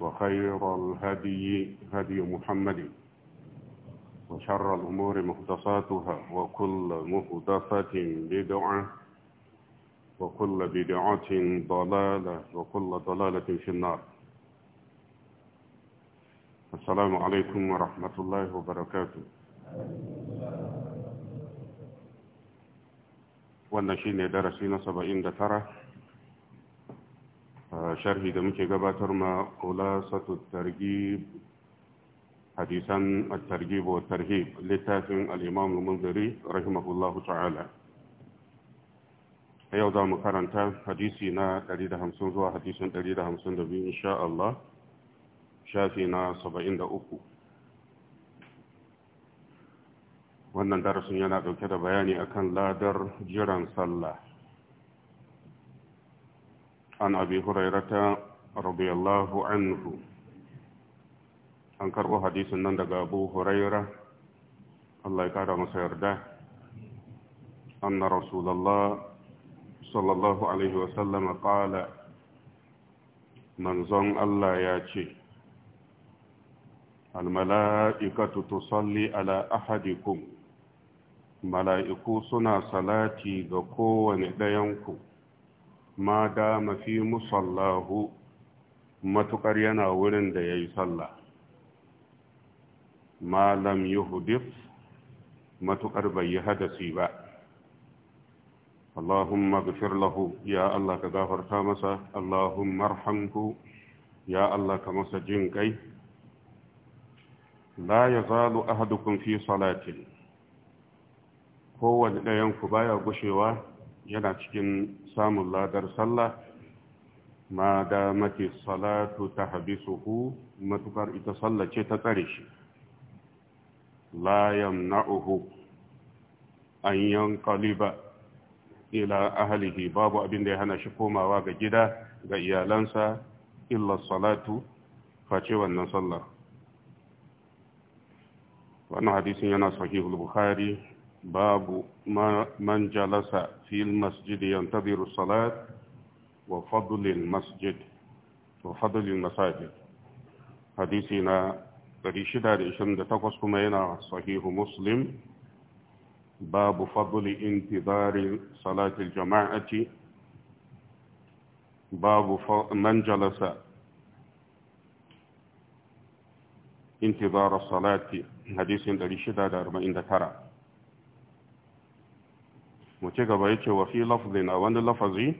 وخير الهدي هدي محمد وشر الأمور مهدساتها وكل مهدسة بدعة وكل بدعة ضلالة وكل ضلالة في النار السلام عليكم ورحمة الله وبركاته wannan درسين سبعين na sharhi da muke gabatar ma satu targi hadisan targi bo wa littafin al-imam al-munziri rahimahullahu ta'ala yau za mu karanta hadisi na 150 zuwa hadisin 152 insha Allah shafi na 73 wannan darasin yana dauke da bayani akan ladar jiran sallah عن أبي هريرة رضي الله عنه أنكر حديث نندق أبو هريرة الله يكرم سيرده أن رسول الله صلى الله عليه وسلم قال من زن الله ياتي الملائكة تصلي على أحدكم mala'iku suna salati ga kowane ɗayanku ma dama fi musallahu matukar yana wurin da ya yi sallah Malam lam yuhdif matukar bai yi hadasi ba Allahumma gafir lahu ya Allah ka gafarta masa Allahumma arhamhu ya Allah ka masa jin kai la yazalu ahadukum fi salatin kowanne ɗayan ku baya gushewa yana cikin samun ladar sallah ma da mace salatu ta suhu matukar ita sallah ce ta tsare shi na yamna'uhu an yanqaliba ila ahalihi babu abin da ya hana shi komawa ga gida ga iyalansa illa salatu face wannan sallar wannan hadisin yana sahihul bukhari باب من جلس في المسجد ينتظر الصلاة وفضل المسجد وفضل المساجد حديثنا رشدة رشدة تقسم كمينا صحيح مسلم باب فضل انتظار صلاة الجماعة باب من جلس انتظار الصلاة حديث رشدة أربعين ترى mu ci gaba ya wa fi lafazi a wani lafazi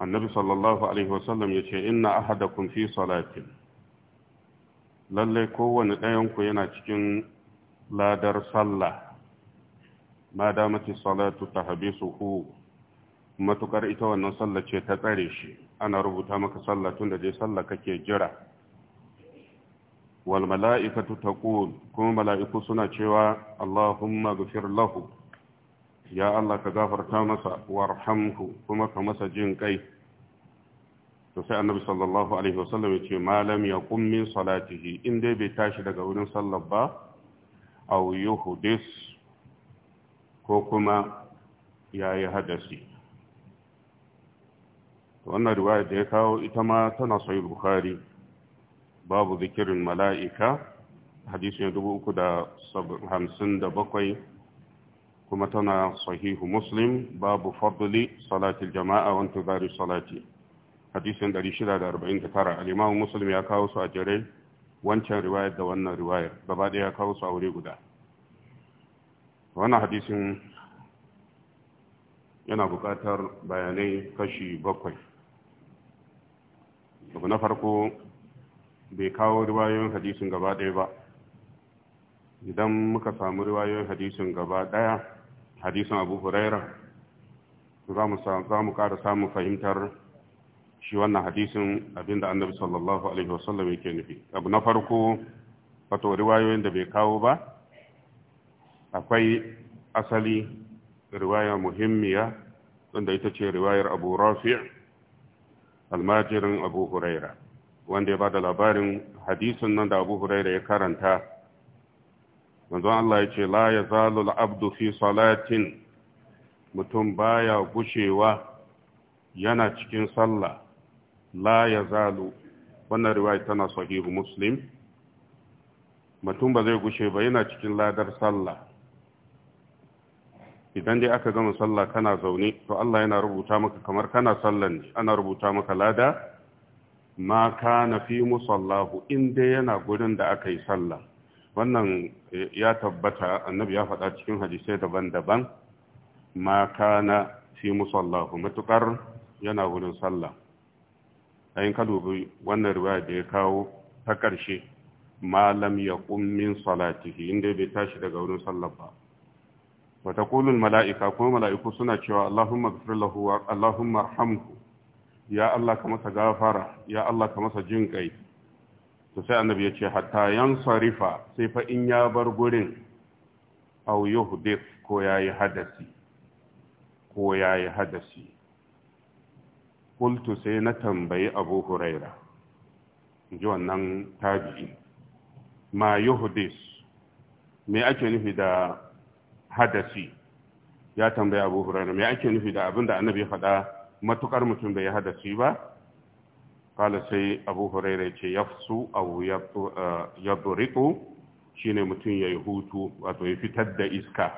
annabi sallallahu alaihi wasallam yace inna ahadakum fi salatin Lallai kowane ɗayanku yana cikin ladar sallah ma damati salatu tahbisuhu matukar ita wannan sallah ce ta tsare shi ana rubuta maka sallah tun da dai sallah kake jira wal ta ƙun, kuma mala'iku suna cewa Allahumma ghfir lahu ya Allah ka gafarta masa warhamhu kuma ka masa jin kai to sai annabi sallallahu alaihi wasallam ya ce malam ya qum salatihi in dai bai tashi daga wurin sallar ba aw yuhdis ko kuma yayi hadasi to wannan riwaya da ya kawo ita ma tana sahih bukhari babu zikirin mala'ika dubu uku da hamsin da bakwai kuma tana sahihu muslim babu fadli salatil jama'a wanta zari salati da tara. Alimawun muslim ya kawo su a jere wancan riwayar da wannan riwayar gaba ɗaya ya kawo su a wuri guda wannan hadisun yana buƙatar bayanai kashi bakwai abu na farko bai kawo riwayoyin hadisin gaba ɗaya ba idan muka samu riwayoyin hadisin gaba ɗaya hadisin abu huraira za mu ƙara samun fahimtar shi wannan hadisin abinda annabi sallallahu alaihi wasallam yake nufi abu na farko wato riwayoyin da bai kawo ba akwai asali riwaya muhimmiya wanda ita ce riwayar abu rafi almajirin abu huraira wanda ya ba da labarin hadisin nan da Abu Huraira ya karanta manzon Allah ya ce la yazalu al-abdu fi salatin mutum baya gushewa yana cikin sallah la ya zalu wannan riwaya tana sahihu Muslim mutum ba zai gushe ba yana cikin ladar sallah idan dai aka gama sallah kana zaune to Allah yana rubuta maka kamar kana sallan ana rubuta maka lada ma kana fi musallahu inda yana gurin da aka yi sallah wannan ya tabbata annabi ya faɗa cikin hadisai daban-daban ma kana fi musallahu matukar yana gurin sallah ayin ka dubi wannan riwaya da ya kawo ta ƙarshe malam ya min salatihi inda bai tashi daga wurin sallah ba wata kulun mala'ika kuma mala'iku suna cewa allahumma gafir lahu allahumma arhamhu ya Allah ka masa gafara ya Allah ka masa jin kai to sai annabi ya ce hatta 'yan sarifa sai fa in ya bar gurin aw yuhdith ko yayi hadasi ko yayi hadasi qultu sai na tambayi Abu Huraira ji wannan tabi'i ma yuhdis me ake nufi da hadasi ya tambayi Abu Huraira me ake nufi da abinda annabi ya faɗa matukar mutum bai hada su ba kala sai abu huraira ce yafsu abu shi ne mutum yayi hutu wato ya fitar da iska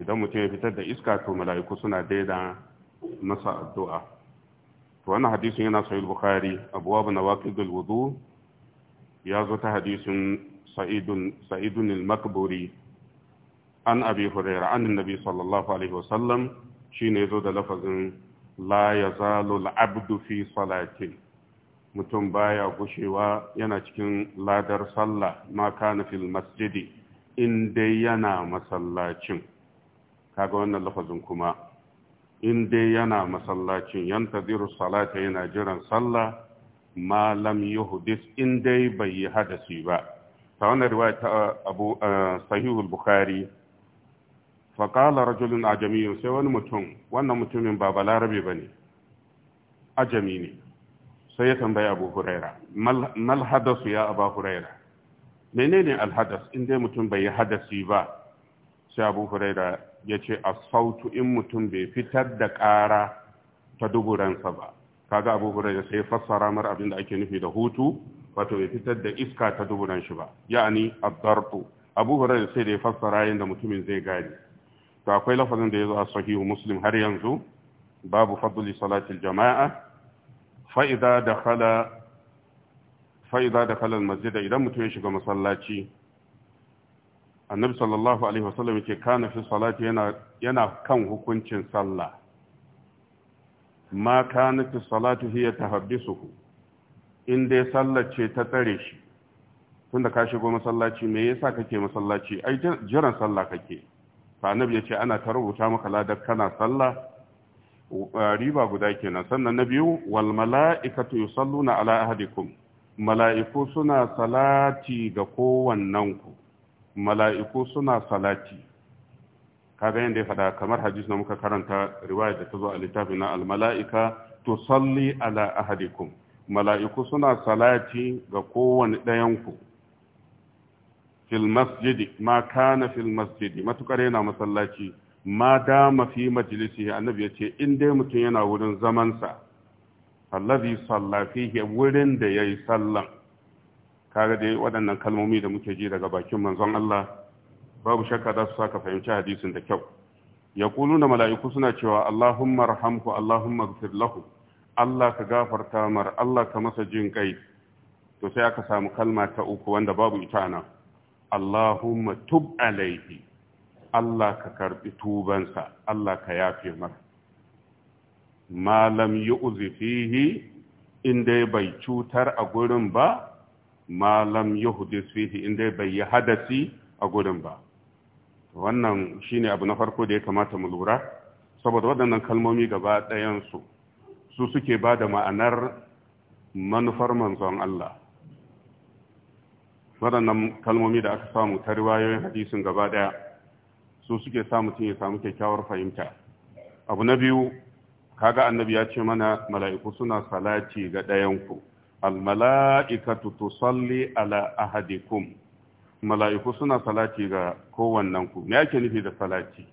idan mutum ya fitar da iska to mala'iku suna daida masa addu'a to wannan hadisin yana sahih bukhari na nawaqid alwudu ya zo ta hadisin sa'idun makburi an abi huraira an nabi sallallahu alaihi wasallam shine yazo da lafazin la ya abdu fi salati mutum baya gushewa yana cikin ladar sallah ma kana fil masjidi in dai yana masallacin kaga wannan lafazin kuma in dai yana masallacin yantaziru salata yana jiran sallah ma lam yuhdis in dai bai yi hadasi ba ta wannan riwaya ta abu eh, sahihul bukhari faƙala rajulun ajamiyun sai wani mutum wannan mutumin ba balarabe ba ne ajami ne sai ya tambayi abu huraira mal hadasu ya abu huraira menene alhadas in dai mutum bai yi hadasi ba sai abu huraira ya ce asfautu in mutum bai fitar da ƙara ta duburansa ba kaga abu huraira sai ya fassara mar abin da ake nufi da hutu wato bai fitar da iska ta duburan shi ba ya'ani addartu abu huraira sai da ya fassara yadda mutumin zai gane To akwai lafazin da ya zo a sahihu muslim har yanzu babu fadli salatil jama'a fa'iza da khala fa'iza da khala masjida idan mutum ya shiga masallaci annabi sallallahu alaihi wasallam yake kana fi salati yana yana kan hukuncin sallah ma kana fi salati hiya tahabbisuhu in dai sallar ce ta tsare shi tunda ka shigo masallaci me yasa kake masallaci ai jiran sallah kake annabi ya ce ana ta rubuta maka ladar kana sallah uh, riba guda kenan sannan na biyu wal mala'ikatu yusalluna ala ahadikum mala'iku suna salati ga kowannen ku mala'iku suna salati kaga yanda ya faɗa kamar hadis na muka karanta riwaya da ta zo a littafin na al mala'ika tusalli ala ahadikum mala'iku suna salati ga kowanne ɗayan ku fil masjidi ma kana fil masjidi matukar yana masallaci ma dama fi majalisi annabi ya ce in dai mutum yana wurin zamansa allazi salla fihi wurin da yayi sallan kaga dai waɗannan kalmomi da muke ji daga bakin manzon Allah babu shakka da su saka fahimci hadisin da kyau da mala'iku suna cewa allahumma arhamhu allahumma ighfir lahu Allah ka gafarta mar Allah ka masa jin kai to sai aka samu kalma ta uku wanda babu ita nan Allahumma tub alaihi Allah ka karbi tubansa Allah ka yafe masa malam yu'zi fihi inda bai cutar a gurin ba malam yuhdis fihi inda bai yi hadasi a gurin ba wannan shine abu na farko da ya kamata mu lura saboda waɗannan kalmomi gaba ɗayansu su suke ba da ma'anar manufar manzon Allah waɗannan kalmomi da aka samu ta riwayoyin hadisin gaba ɗaya su suke sa mutum ya samu kyakkyawar fahimta abu na biyu kaga annabi ya ce mana mala'iku suna salati ga ɗayanku almala'ikatu tusalli ala ahadikum mala'iku suna salati ga kowannenku me ake nufi da salati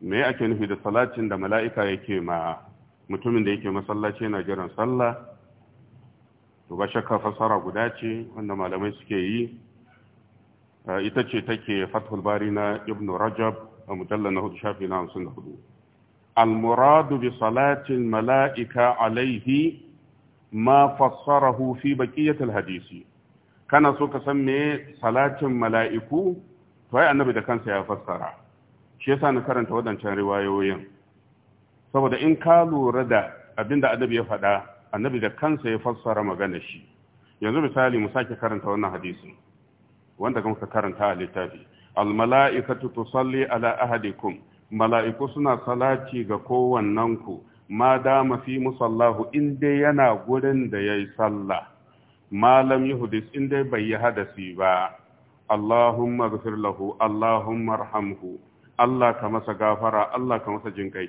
me ake nufi da salatin da mala'ika yake ma mutumin da yake masallaci yana jiran sallah to ba shakka fasara guda ce wanda malamai suke yi ah, ita ce take fathul bari na ibn rajab a mujallar na hudu shafi na hamsin da hudu almuradu bi salatin mala'ika alaihi ma fassarahu fi baqiyatil hadisi kana so ka san me salatin mala'iku to ai annabi da kansa ya fassara shi yasa na karanta wadancan riwayoyin saboda in ka lura da abinda annabi ya faɗa annabi da kansa ya fassara magana shi yanzu misali mu sake karanta wannan hadisi wanda kuma ka karanta a littafi almala'ikatu tusalli ala ahadikum mala'iku suna salati ga kowannen ku ma fi musallahu in dai yana gurin da yayi sallah malam yuhdis in dai bai yi hadasi ba Allahumma ghfir lahu Allahumma arhamhu Allah ka masa gafara Allah ka masa jinkai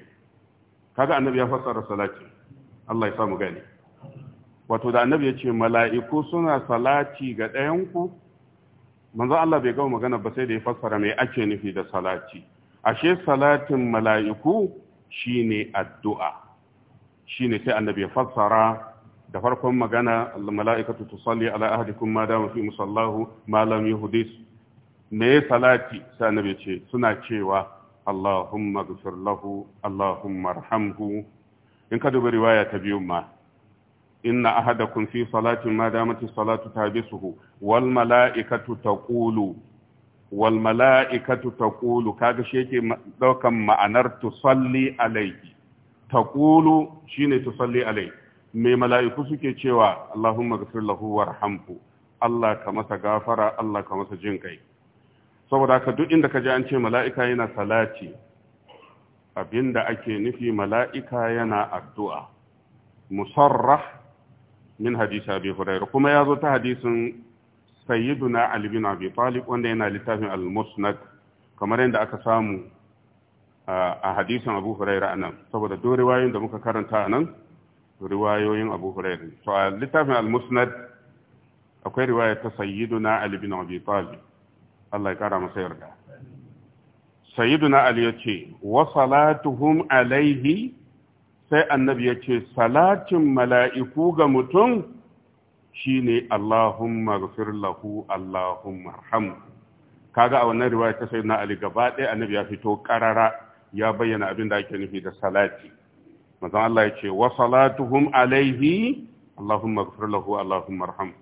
kaga annabi ya fassara salati Allah ya samu gani wato da annabi ya ce mala'iku suna salati ga ɗayanku manzo Allah bai gama magana ba sai da ya fassara mai ake nufi da salati ashe salatin mala'iku shine addu'a shine sai annabi ya fassara da farkon magana mala'ikatu tusalli ala ahadikum ma dama fi musallahu ma lam yuhdis me salati sai annabi ce suna cewa Allahumma ghfir lahu Allahumma arhamhu in ka dubi riwaya ta biyu ma inna ahadakum fi salatin ma damati salatu tabisuhu wal mala'ikatu taqulu wal mala'ikatu taqulu kaga sheke daukan ma'anar tu salli alayhi taqulu shine tu salli alayhi me mala'iku suke cewa allahumma ghfir lahu warhamhu allah ka masa gafara allah ka masa jin kai saboda haka duk inda ka ji an ce mala'ika yana salati abinda ake nufi mala'ika yana addu'a musarrah min hadisi abi hurairah kuma ya zo ta hadisin sayyiduna ali bin abi talib wanda yana littafin al-musnad kamar yadda aka samu a hadisin abu hurairah anan saboda duk riwayoyin da muka karanta anan riwayoyin abu hurairah to a littafin al-musnad akwai riwaya ta sayyiduna ali bin abi talib Allah ya kara masa yarda sayyiduna ali yace wa salatuhum alaihi sai annabi ya ce salatin mala'iku ga mutum shine Allahumma gafir lahu Allahumma arhamu kaga a wannan riwaya ta na Ali gaba ɗaya annabi ya fito ƙarara, ya bayyana abin da ake nufi da salati Mazan Allah ya ce wa salatuhum alaihi Allahumma gafir lahu Allahumma arhamu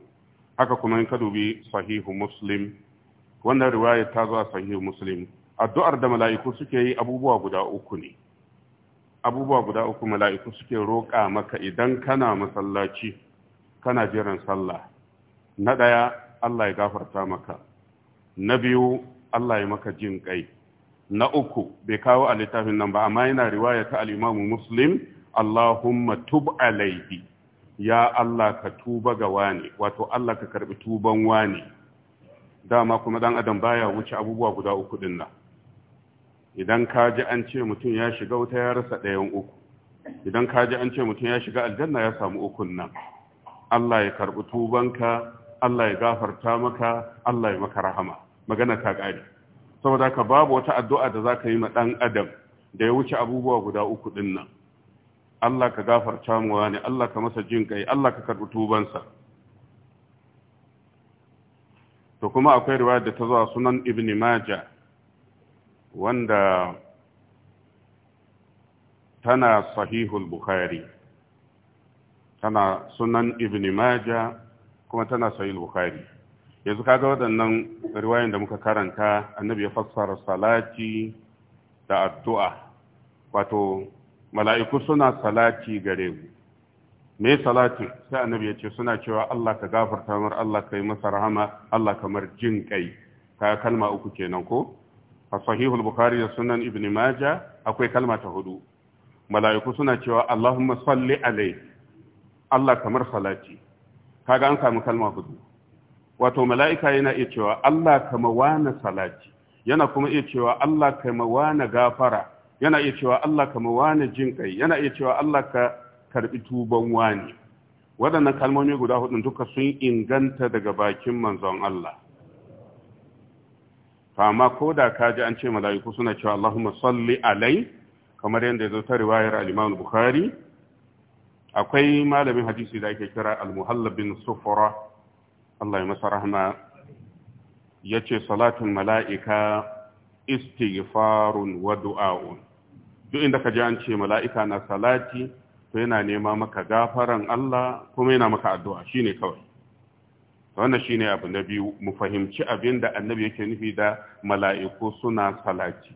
haka kuma in ka dubi sahihu muslim wannan riwaya ta zo a sahihu muslim addu'ar da mala'iku suke yi abubuwa guda uku ne abubuwa guda uku mala'iku suke roƙa maka idan kana masallaci kana jiran sallah na ɗaya Allah ya gafarta maka na biyu Allah ya maka jin ƙai, na uku bai kawo a littafin nan ba amma yana riwaya ta al'imamu muslim Allahumma tub alaihi ya Allah ka tuba ga wani wato Allah ka karɓi tuban wani dama kuma ɗan adam baya wuce abubuwa guda uku ɗin nan idan ka ji an ce mutum ya shiga wuta ya rasa ɗayan uku idan ka ji an ce mutum ya shiga aljanna ya samu ukun nan Allah ya karɓi tubanka Allah ya gafarta maka Allah ya maka rahama magana ta ƙari saboda ka babu wata addu'a da za ka yi ma ɗan adam da ya wuce abubuwa guda uku ɗin nan Allah ka gafarta mu wani Allah ka masa jin kai Allah ka karɓi tubansa to kuma akwai riwaya da ta zuwa sunan ibn Maja. wanda tana sahihul bukhari tana sunan ibn maja kuma tana sahihul bukhari yanzu kaga waɗannan riwayoyin da muka karanta annabi ya fassara salati da addu'a wato mala'iku suna salati gare mu me salati sai annabi ya ce suna cewa Allah ka gafarta mar Allah ka yi masa rahama Allah kamar jin kai ka kalma uku kenan ko a sahihul bukhari da sunan ibn maja akwai kalma ta hudu mala'iku suna cewa allahumma salli alai allah kamar salati kaga an samu kalma hudu wato mala'ika yana iya cewa allah kama wana salati yana kuma iya cewa allah kama wana gafara yana iya cewa allah kama wana jinkai yana iya cewa allah ka karbi tuban wani waɗannan kalmomi guda hudun duka sun inganta daga bakin manzon Allah to amma ko da ka ji an ce mala'iku suna cewa Allahumma salli alai kamar yadda ya ta riwayar al-Imam Bukhari akwai malamin hadisi da ake kira al-Muhallab bin Sufra Allah ya masa rahma yace salatin mala'ika istighfarun wa du'a'un duk inda ka ji an ce mala'ika na salati to yana nema maka gafaran Allah kuma yana maka addu'a shine kawai wannan ne abu na biyu mu fahimci abin da annabi yake nufi da mala'iku suna salati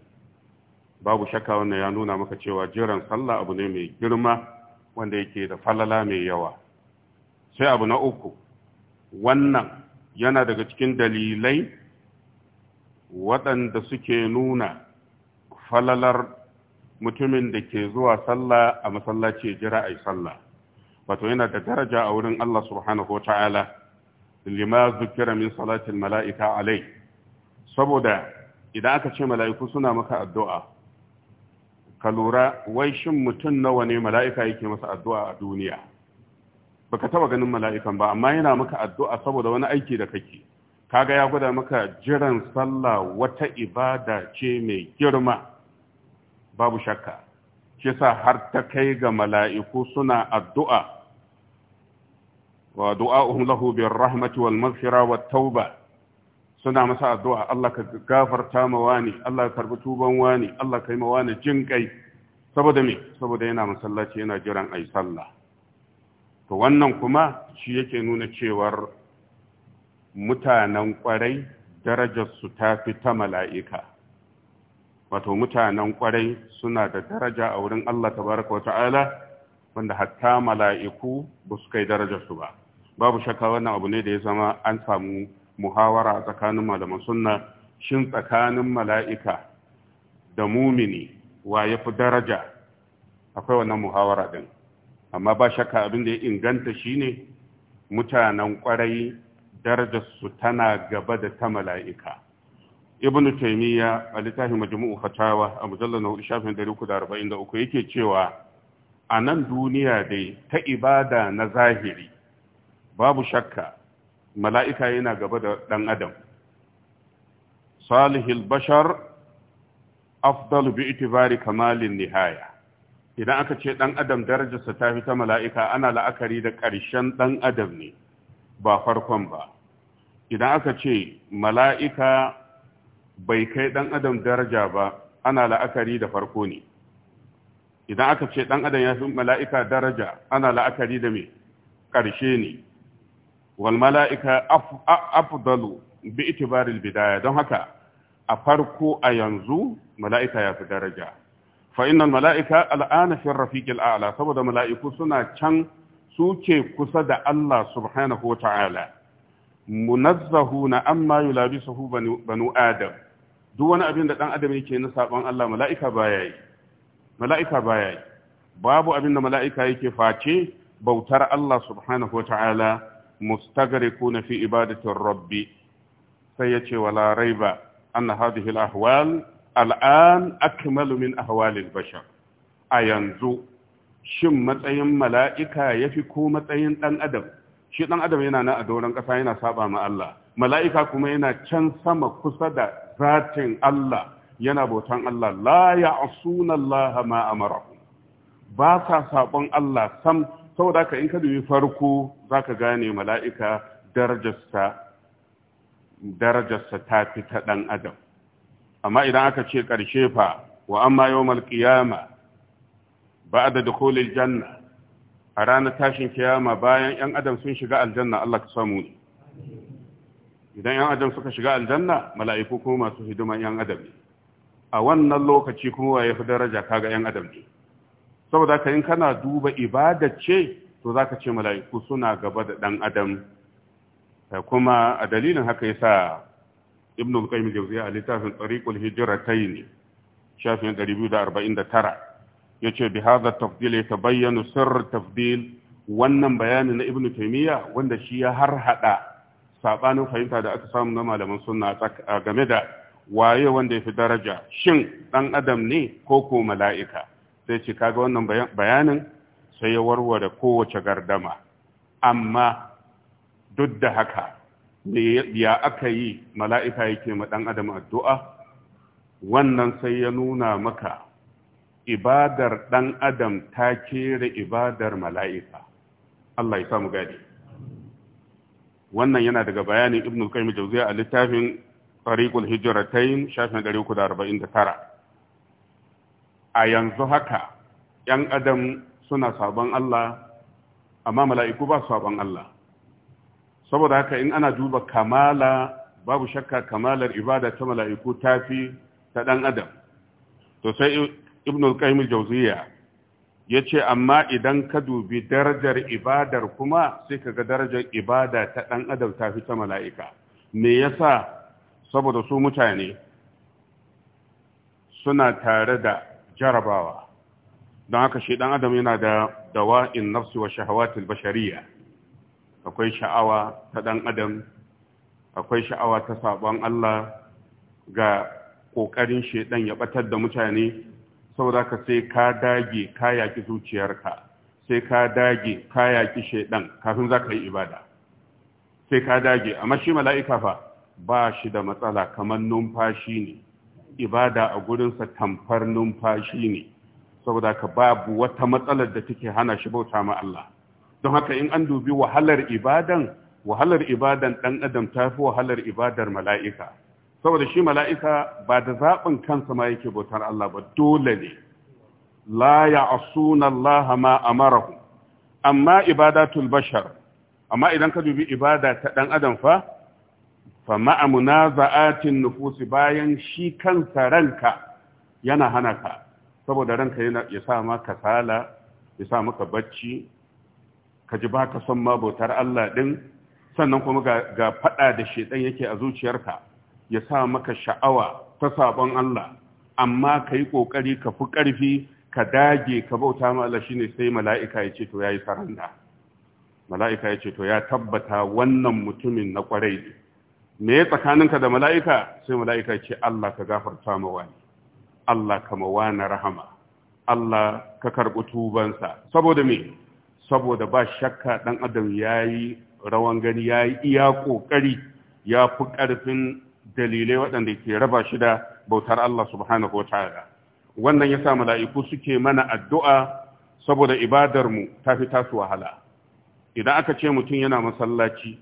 babu shakka wannan ya nuna maka cewa jiran sallah abu ne mai girma wanda yake da falala mai yawa sai abu na uku wannan yana daga cikin dalilai waɗanda suke nuna falalar mutumin da ke zuwa sallah a masallaci jira a yi sallah wato yana da daraja a wurin Allah subhanahu wa ta'ala lima zukira min salatin mala'ika alai saboda idan aka ce mala'iku suna maka addu'a ka lura wai shin mutum nawa ne mala'ika yake masa addu'a a duniya baka taba ganin mala'ikan ba amma yana maka addu'a saboda wani aiki da kake kaga ya gwada maka jiran sallah wata ibada ce mai girma babu shakka shi sa har ta kai ga mala'iku suna addu'a wa du'a'uhum lahu bir rahmati wal maghfira wat tauba suna masa addu'a Allah ka gafarta ma wani Allah karbi tuban wani Allah ka yi ma wani jin kai saboda me saboda yana masallaci yana jiran ai sallah to wannan kuma shi yake nuna cewar mutanen kwarai darajarsu ta fi mala'ika wato mutanen ƙwarai suna da daraja a wurin Allah tabaraka wa ta'ala wanda hatta mala'iku ba su kai darajarsu ba babu shakka wannan abu ne da ya zama an samu muhawara tsakanin malaman sunna shin tsakanin mala'ika da mumini wa ya fi daraja akwai wannan muhawara din amma ba shakka abin da ya inganta shi ne? mutanen kwarai darajarsu tana gaba da ta mala'ika ibn taymiya a littafin majmu'u fatawa a mujallar na shafin 343 yake cewa a nan duniya dai ta ibada na zahiri babu shakka mala'ika yana gaba da ɗan adam salihul bashar Afdal bi itibari kamalin nihaya idan aka ce ɗan adam darajarsa ta fi ta mala'ika ana la'akari da ƙarshen ɗan adam ne ba farkon ba idan aka ce mala'ika bai kai ɗan adam daraja ba ana la'akari da farko ne idan aka ce ɗan adam ya fi mala'ika daraja ana la'akari da mai ƙarshe ne Walmalaika mala'ika afdalu bi itibaril bidaya don haka a farko a yanzu mala'ika ya fi daraja fa innal mala'ika al'ana fi rafiqil a'la saboda mala'iku suna can suke kusa da Allah subhanahu na ta'ala munazzahuna amma yulabisuhu banu adam duk wani abin dan adam yake na sabon Allah mala'ika baya yi babu abinda mala'ika yake face bautar Allah subhanahu wa ta'ala mustaghrikuna fi ibadati rabbi sai ya ce wala raiba anna hadhihi al-ahwal al'an akmalu min ahwalil bashar a yanzu shin matsayin mala'ika yafi ko matsayin dan adam shi dan adam yana nan a doron kasa yana saba ma Allah mala'ika kuma yana can sama kusa da zatin Allah yana bautan Allah la ya'suna Allah ma amara ba sa sabon Allah sam saboda ka in ka dubi farko zaka gane mala'ika darajarsa darajarsa ta fi ta ɗan adam amma idan aka ce ƙarshe fa wa amma yawmal qiyama ba'da dukhulil janna a ranar tashin kiyama bayan yan adam sun shiga aljanna Allah ka samu ne idan yan adam suka shiga aljanna mala'iku kuma masu hidiman yan adam ne a wannan lokaci kuma waye fi daraja kaga yan adam ne saboda ka in kana duba ibada ce to zaka ce mala'iku suna gaba da ɗan adam eh, kuma a dalilin haka yasa ibnu al-qayyim jawziya a littafin tariqul hijratayn shafin 249 yace bi hadha tafdil bayyana sirr tafdil wannan bayani na ibnu Taimiyya, wanda shi ya har hada saɓanin fahimta da aka samu na malaman sunna game da waye wanda yafi daraja shin ɗan adam ne ko ko mala'ika sai ce kaga wannan bayanin sai ya warware kowace gardama amma duk da haka ya aka yi mala'ika yake ma ɗan adam addu'a wannan sai ya nuna maka ibadar ɗan adam ta kere ibadar mala'ika Allah ya samu gadi wannan yana daga bayanin ibn al-qayyim a littafin tariqul hijratain shafin 349 a yanzu haka ‘yan adam suna sabon Allah amma mala'iku ba sabon Allah saboda haka in ana duba kamala babu shakka kamalar ibada ta mala'iku ta fi ta ɗan adam to sai ibnul qayyim jauziya ya ce amma idan ka dubi darajar ibadar kuma sai ka ga darajar ibada ta ɗan adam ta fi ta mala'ika me yasa saboda su mutane suna tare da jarabawa don haka shi dan adam yana da dawa'in nafsi wa shahawatul bashariya akwai sha'awa ta ɗan adam akwai sha'awa ta sabon Allah ga kokarin shedan ya batar da mutane saboda ka sai ka dage ka yaki zuciyarka sai ka dage ka yaki shedan kafin za ka yi ibada sai ka dage amma shi mala'ika fa ba shi da matsala kamar numfashi ne ibada a gurinsa tamfar numfashi ne saboda ka babu wata matsalar da take hana shi bauta ma Allah don haka in an dubi wahalar ibadan wahalar ibadan dan adam ta fi wahalar ibadar mala'ika saboda shi mala'ika ba da zaɓin kansa ma yake bautar Allah ba dole ne la ya'suna Allah ma amarahu amma ibadatul bashar amma idan ka dubi ibada ta dan adam fa fa ma'a za'atin nufusi bayan shi kansa ranka yana hana ka saboda ranka yana ya sa ma kasala ya sa maka bacci ka ji baka son ma bautar Allah ɗin, sannan kuma ga, faɗa da shaɗan yake a zuciyarka ya sa maka sha'awa ta sabon Allah amma ka yi ƙoƙari ka fi ƙarfi ka dage ka bauta ma shi ne sai mala'ika ya ce to yi saranda mala'ika ya ce to ya tabbata wannan mutumin na ƙwarai ne me tsakaninka da mala'ika sai mala'ika ce Allah ka gafarta mawa ne. Allah ka mawa na rahama Allah ka karɓi tubansa saboda me saboda ba shakka ɗan adam ya yi rawan gani ya yi iya ƙoƙari ya fi ƙarfin dalilai waɗanda ke raba shi da bautar Allah subhanahu wa ta'ala wannan ya sa mala'iku suke mana addu'a saboda ibadarmu ta fi tasu wahala idan aka ce mutum yana masallaci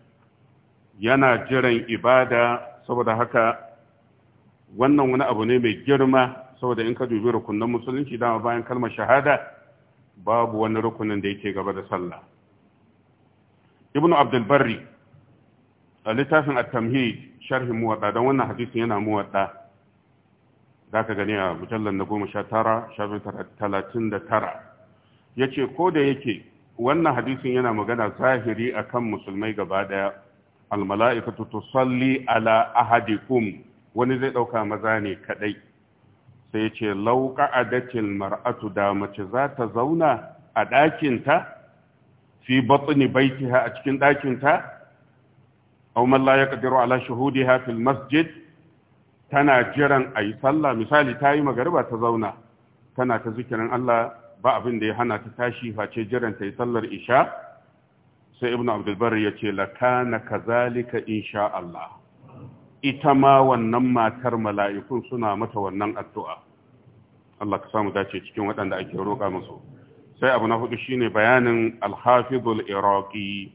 yana jiran ibada saboda haka wannan wani abu ne mai girma saboda in ka dubi rukunan musulunci dama bayan kalmar shahada babu wani rukunin da yake gaba da sallah ibnu abdul barri a littafin at-tamhid muwadda don wannan hadisin yana muwadda zaka gani a mujallar na goma sha tara shafin talatin da tara ya ce ko da yake wannan hadisin yana magana zahiri akan musulmai gaba daya almala'ikatu tusalli ala ahadikum wani zai ɗauka maza ne kaɗai sai ce lauka a adatin mar'atu da mace za ta zauna a ɗakinta fi batsini baitiha a cikin ɗakinta aw man la yaqdiru ala shuhudiha fil masjid tana jiran ayi sallah misali tayi magariba ta zauna tana ta zikirin Allah ba abin da ya hana ta tashi face jiran ta yi sallar isha sai ibn abdulbar ya ce lakana kazalika insha Allah ita ma wannan matar mala'ikun suna mata wannan addu'a Allah ka samu dace cikin waɗanda ake roƙa musu sai abu na hudu shine bayanin alhafizul iraqi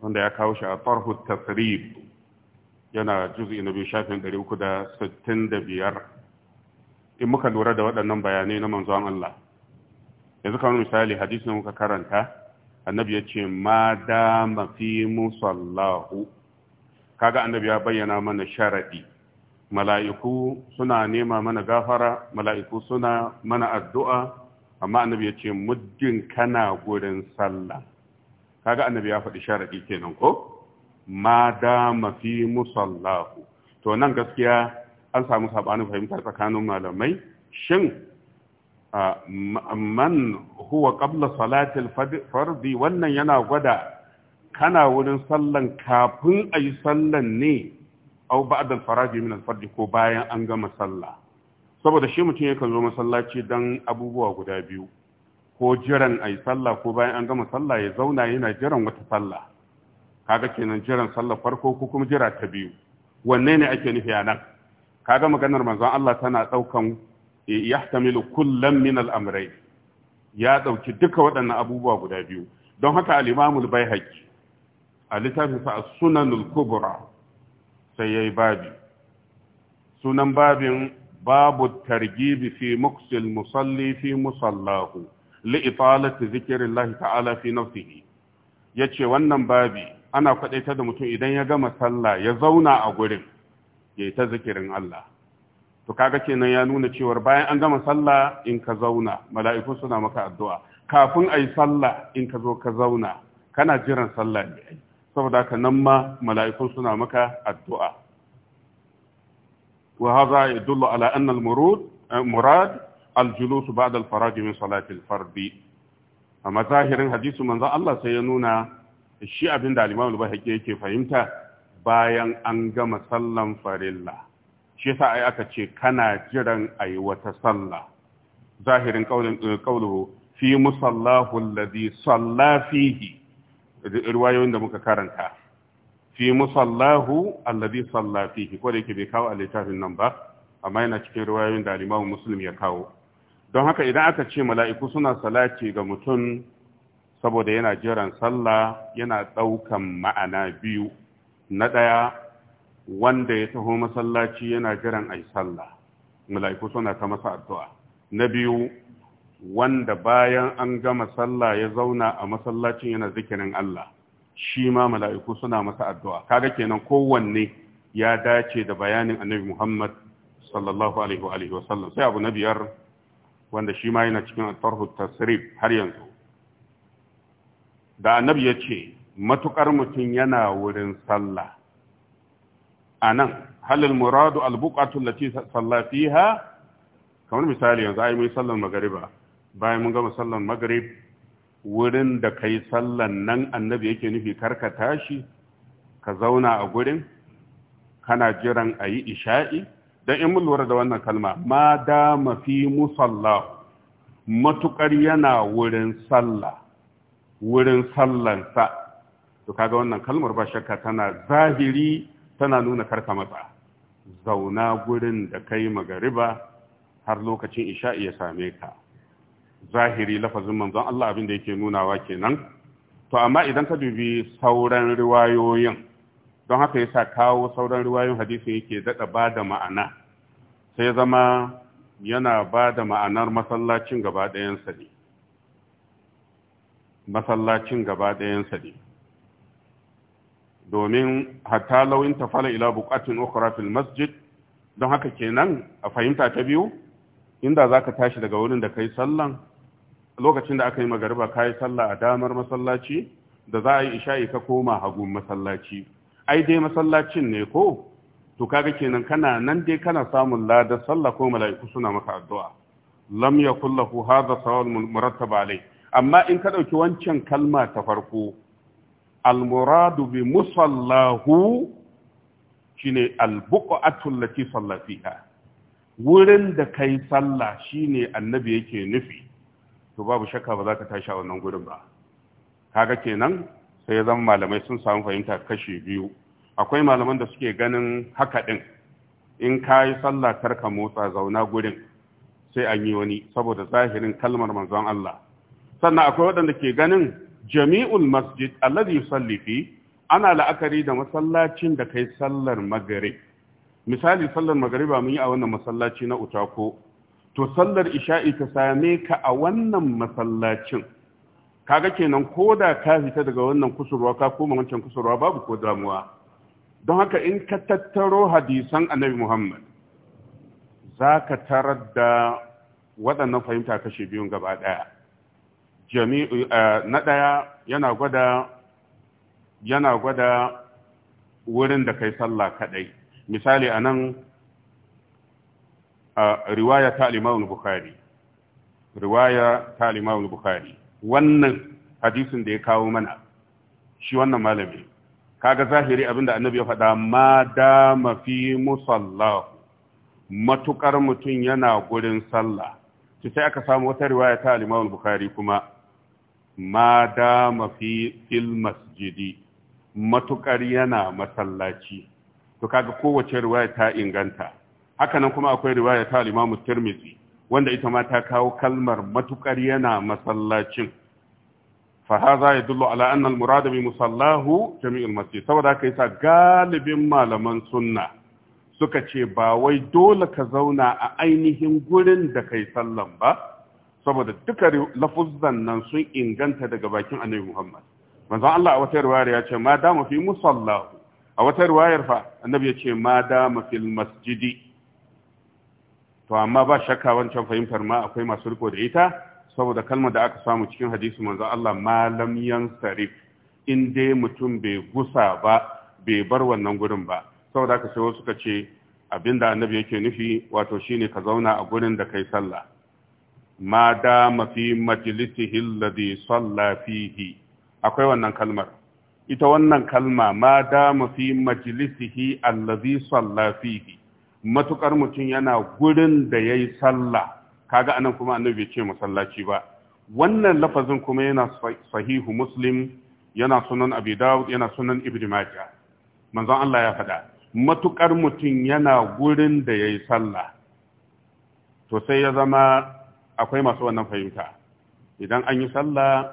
wanda ya kawo shi a tarhut tasrib yana juz'i na biyu shafin 365 in muka lura da waɗannan bayanai na manzon Allah yanzu kamar misali hadisin muka karanta annabi ya ce ma dama fi musallahu kaga annabi ya bayyana mana sharadi mala'iku suna nema mana gafara mala'iku suna mana addu'a amma annabi ya ce muddin kana gurin sallah kaga annabi ya faɗi sharadi kenan ko ma dama fi musallahu to nan gaskiya an samu sabanin fahimtar tsakanin malamai shin man huwa qabla salatil fardi wannan yana gwada kana wurin sallan kafin a yi sallan ne au ba'da al-faraji min al-fardi ko bayan an gama sallah saboda shi mutum yakan zo masallaci dan abubuwa guda biyu ko jiran a yi sallah ko bayan an gama sallah ya zauna yana jiran wata sallah kaga kenan jiran sallah farko ko kuma jira ta biyu wanne ne ake nufi a nan kaga maganar manzon Allah tana daukan eh, yahtamilu kullam min al-amrayn ya ɗauki duka waɗannan abubuwa guda biyu don haka al'imamul bai haƙi a littafinsa a sunanul kubra sai ya yi babi sunan babin babu targibi fi muksil musalli fi musallahu li'italati zikirin lahi ta'ala fi nafsihi ya ce wannan babi ana kwaɗaita da mutum idan ya gama sallah ya zauna a gurin ya yi ta zikirin Allah to kaga kenan ya nuna cewar bayan an gama sallah in ka zauna mala'iku suna maka addu'a kafin ayi sallah in ka zo ka zauna kana jiran sallah ne saboda haka nan ma mala'iku suna maka addu'a wa hadha yadullu ala anna al-murud eh, murad al-julus ba'da al-faraj min salati al-fard amma zahirin hadisi manzo Allah sai ya nuna shi abin da al-imam al-bahaqi yake fahimta bayan an gama sallan farilla shi yasa ai aka ce kana jiran ayi wata sallah zahirin eh, kaulu fi musallahu alladhi salla fihi riwayoyin da muka karanta fi musallahu alladhi salla fihi ko da yake bai kawo alitafin nan ba amma yana cikin riwayoyin da al-Imam Muslim ya kawo don haka idan aka ce mala'iku suna salati ga mutum saboda yana jiran sallah yana ɗaukan ma'ana biyu na ɗaya wanda ya taho masallaci yana jiran ai sallah mala'iku suna ta masa addu'a na biyu wanda bayan an gama sallah ya zauna a masallacin yana zikirin Allah shi ma mala'iku suna masa addu'a kaga kenan kowanne ya dace da bayanin annabi Muhammad sallallahu alaihi wa alihi wasallam sai abu na biyar wanda shi ma yana cikin tarhu tasrif har yanzu da annabi ya ce matukar mutum yana wurin sallah anan halal muradu albuqatu allati salla fiha kamar misali yanzu ai mai sallar magariba bayan mun gama sallar magarib. wurin da kai sallan nan annabi yake nufi karkata tashi ka zauna a gurin kana jiran a yi isha'i don in mun lura da wannan kalma ma dama fi musalla matukar yana wurin sallah wurin sallansa to kaga wannan kalmar ba shakka tana zahiri tana nuna karka matsa zauna gurin da kai magariba har lokacin isha'i ya same ka zahiri lafazin manzon Allah abin da yake nunawa kenan to amma idan ka dubi sauran riwayoyin don haka yasa kawo sauran riwayoyin hadisin yake dada bada ma'ana sai zama yana bada ma'anar masallacin gaba ɗayan sa ne masallacin gaba ɗayan sa ne domin hatta lauyin tafala ila bukatun ukhra fil masjid don haka kenan a fahimta ta biyu inda zaka tashi daga wurin da kai sallan lokacin da aka yi magariba yi sallah a damar masallaci da za a yi isha'i ka koma hagu masallaci ai dai masallacin ne ko to kaga kenan kana nan dai kana samun lada, sallah ko mala'iku suna maka addu'a lam yakul lahu hadha sawal murattab alai amma in ka dauki wancan kalma ta farko almuradu bi musallahu shine albuqatul lati salla wurin da kai sallah shine annabi yake nufi to babu shakka ba za ka tashi a wannan gurin ba kaga kenan sai ya zama malamai sun samu fahimta kashi biyu akwai malaman da suke ganin haka din in ka yi sallah karka motsa zauna gurin sai an yi wani saboda zahirin kalmar manzon Allah sannan akwai waɗanda ke ganin jami'ul masjid alladhi yusalli fi ana la'akari da masallacin da kai sallar magrib misali sallar ba mun yi a wannan masallaci na utako to sallar isha'i ta same ka a wannan masallacin kaga kenan ko da ka fita daga wannan kusurwa ka koma wancan kusurwa babu ko damuwa don haka in ka tattaro hadisan annabi muhammad za ka tarar da waɗannan fahimta kashe biyun gaba ɗaya Eh, na ɗaya yana gwada yana gwada wurin da kai sallah kaɗai misali anan riwaya ta limawun Bukhari, riwaya ta limawun Bukhari. wannan hadisin da ya kawo mana shi wannan malami kaga zahiri abinda annabi ya faɗa ma dama fi musallahu matukar mutum yana gurin sallah sai aka samu wata riwaya ta al Bukhari kuma ma dama fi fil masjidi matukar yana masallaci to kaga kowace riwaya ta inganta Hakanan kuma akwai riwaya ta al-Imam Tirmidhi wanda ita ma ta kawo kalmar matuƙar yana masallacin fa hadha yadullu ala anna al-murad bi musallahu jami'ul masjid saboda kai sa galibin malaman sunna suka ce ba wai dole ka zauna a ainihin gurin da kai sallan ba saboda duka lafuzzan nan sun inganta daga bakin annabi Muhammad manzon Allah a wata riwayar ya ce ma mu fi musallahu a wata riwayar fa annabi ya ce ma mu fil masjidi to amma ba shakka wancan fahimtar ma akwai masu riko da ita saboda kalmar da aka samu cikin hadisi manzo Allah malam yansarif in dai mutum bai gusa ba bai bar wannan gurin ba saboda haka sai wasu suka ce abinda annabi yake nufi wato shine ka zauna a gurin da kai sallah ma dama fi majalisihi alladhi salla fihi akwai wannan kalmar ita wannan kalma ma dama fi majalisihi alladhi salla fihi matukar mutum yana gurin da yayi sallah kaga anan kuma annabi bai ce masallaci ba wannan lafazin kuma yana sahihu muslim yana sunan abi dawud yana sunan ibnu majah manzon Allah ya faɗa matukar mutum yana gurin da yayi sallah to sai ya zama akwai masu wannan fahimta idan an yi sallah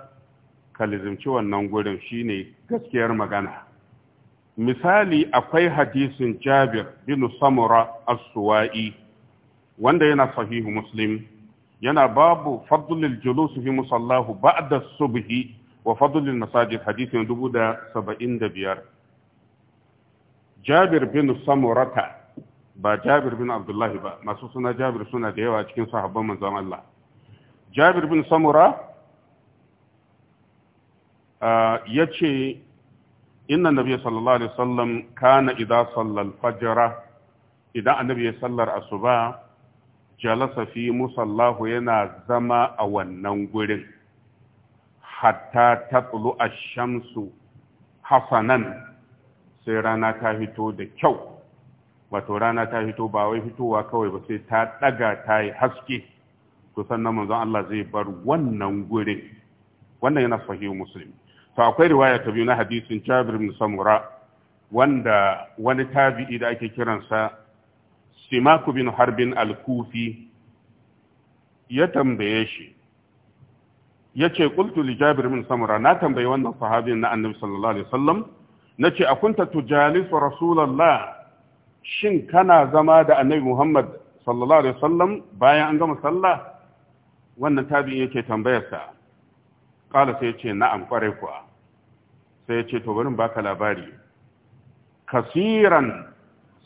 ka wannan gurin shine gaskiyar magana misali akwai hadisin jabir bin samura as-suwa'i wanda yana sahihu muslim yana babu fadlul julus fi musallahu ba'da subhi wa fadlul masajid hadisin 1075 jabir bin samurata ba jabir bin abdullahi ba masu suna jabir suna da yawa cikin sahabban manzon Allah jabir bin samura uh, ya ce inna nabi sallallahu alaihi wasallam kana salla al-fajr idan annabi ya sallar asuba jalasa fi musallahu yana zama a wannan gurin hatta tatlu ash-shamsu hasanan sai rana ta fito da kyau wato rana ta fito ba wai fitowa kawai ba sai ta ɗaga ta yi haske kusan na manzon Allah zai bar wannan gurin wannan yana sahihu muslim to akwai riwaya ta biyu na hadisin Jabir bin Samura wanda wani tabi'i da ake kiransa Simaku bin Harbin al-Kufi ya tambaye shi ya ce qultu li Jabir bin Samura na tambayi wannan sahabin na Annabi sallallahu alaihi wasallam nace akunta tujalisu rasulullah shin kana zama da Annabi Muhammad sallallahu alaihi wasallam bayan an gama sallah wannan tabi'in yake tambayarsa ƙala sai ce na'am kwarai kuwa sai ce to barin baka labari kasiran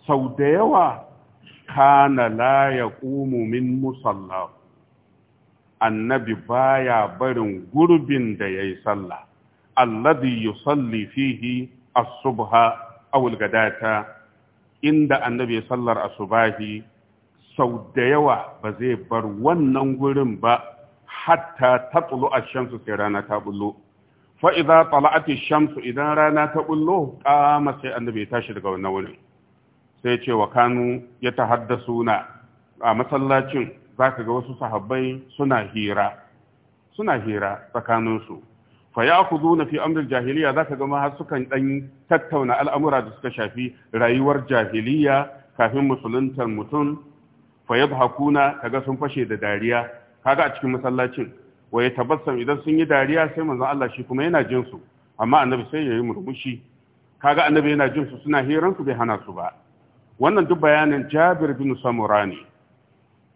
sau da yawa kana la ya min musalla annabi baya barin gurbin da ya yi sallah alladhi yusalli fihi as-subha aw al-gadata inda annabi sallar asubahi sau da yawa ba zai bar wannan gurin ba hatta ta tsulo a shamsu sai rana ta bullo fa'iza tsala'ati shamsu idan rana ta bullo ƙama sai annabi bai tashi daga wannan wurin sai ce wa kanu ya ta haddasu na a masallacin za ka ga wasu sahabbai suna hira suna hira tsakaninsu fa ya ku zo na fi amrin jahiliya za ka gama har sukan ɗan tattauna al'amura da suka shafi rayuwar jahiliya kafin musuluntar mutum fa hakuna kaga sun fashe da dariya kaga a cikin masallacin wa tabassam idan sun yi dariya sai manzon Allah shi kuma yana jin su amma annabi sai yayi murmushi kaga annabi yana jin su suna hiran su bai hana su ba wannan duk bayanin Jabir bin Samura ne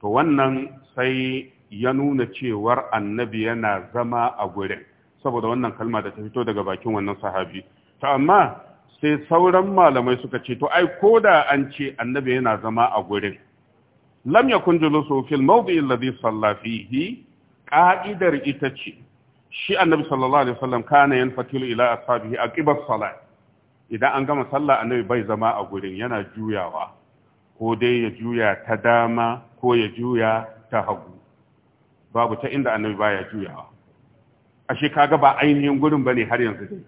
to wannan sai ya nuna cewar annabi yana zama a gurin saboda wannan kalma da ta fito daga bakin wannan sahabi to amma sai sauran malamai suka ce to ai koda an ce annabi yana zama a gurin lam yakun julusu fil mawdi alladhi salla fihi qa'idar ita ce shi annabi sallallahu alaihi wasallam kana yanfatilu ila ashabihi aqiba salat idan an gama sallah annabi bai zama a gurin yana juyawa ko dai ya juya ta dama ko ya juya ta hagu babu ta inda annabi baya juyawa ashe kaga ba ainihin gurin bane har yanzu dai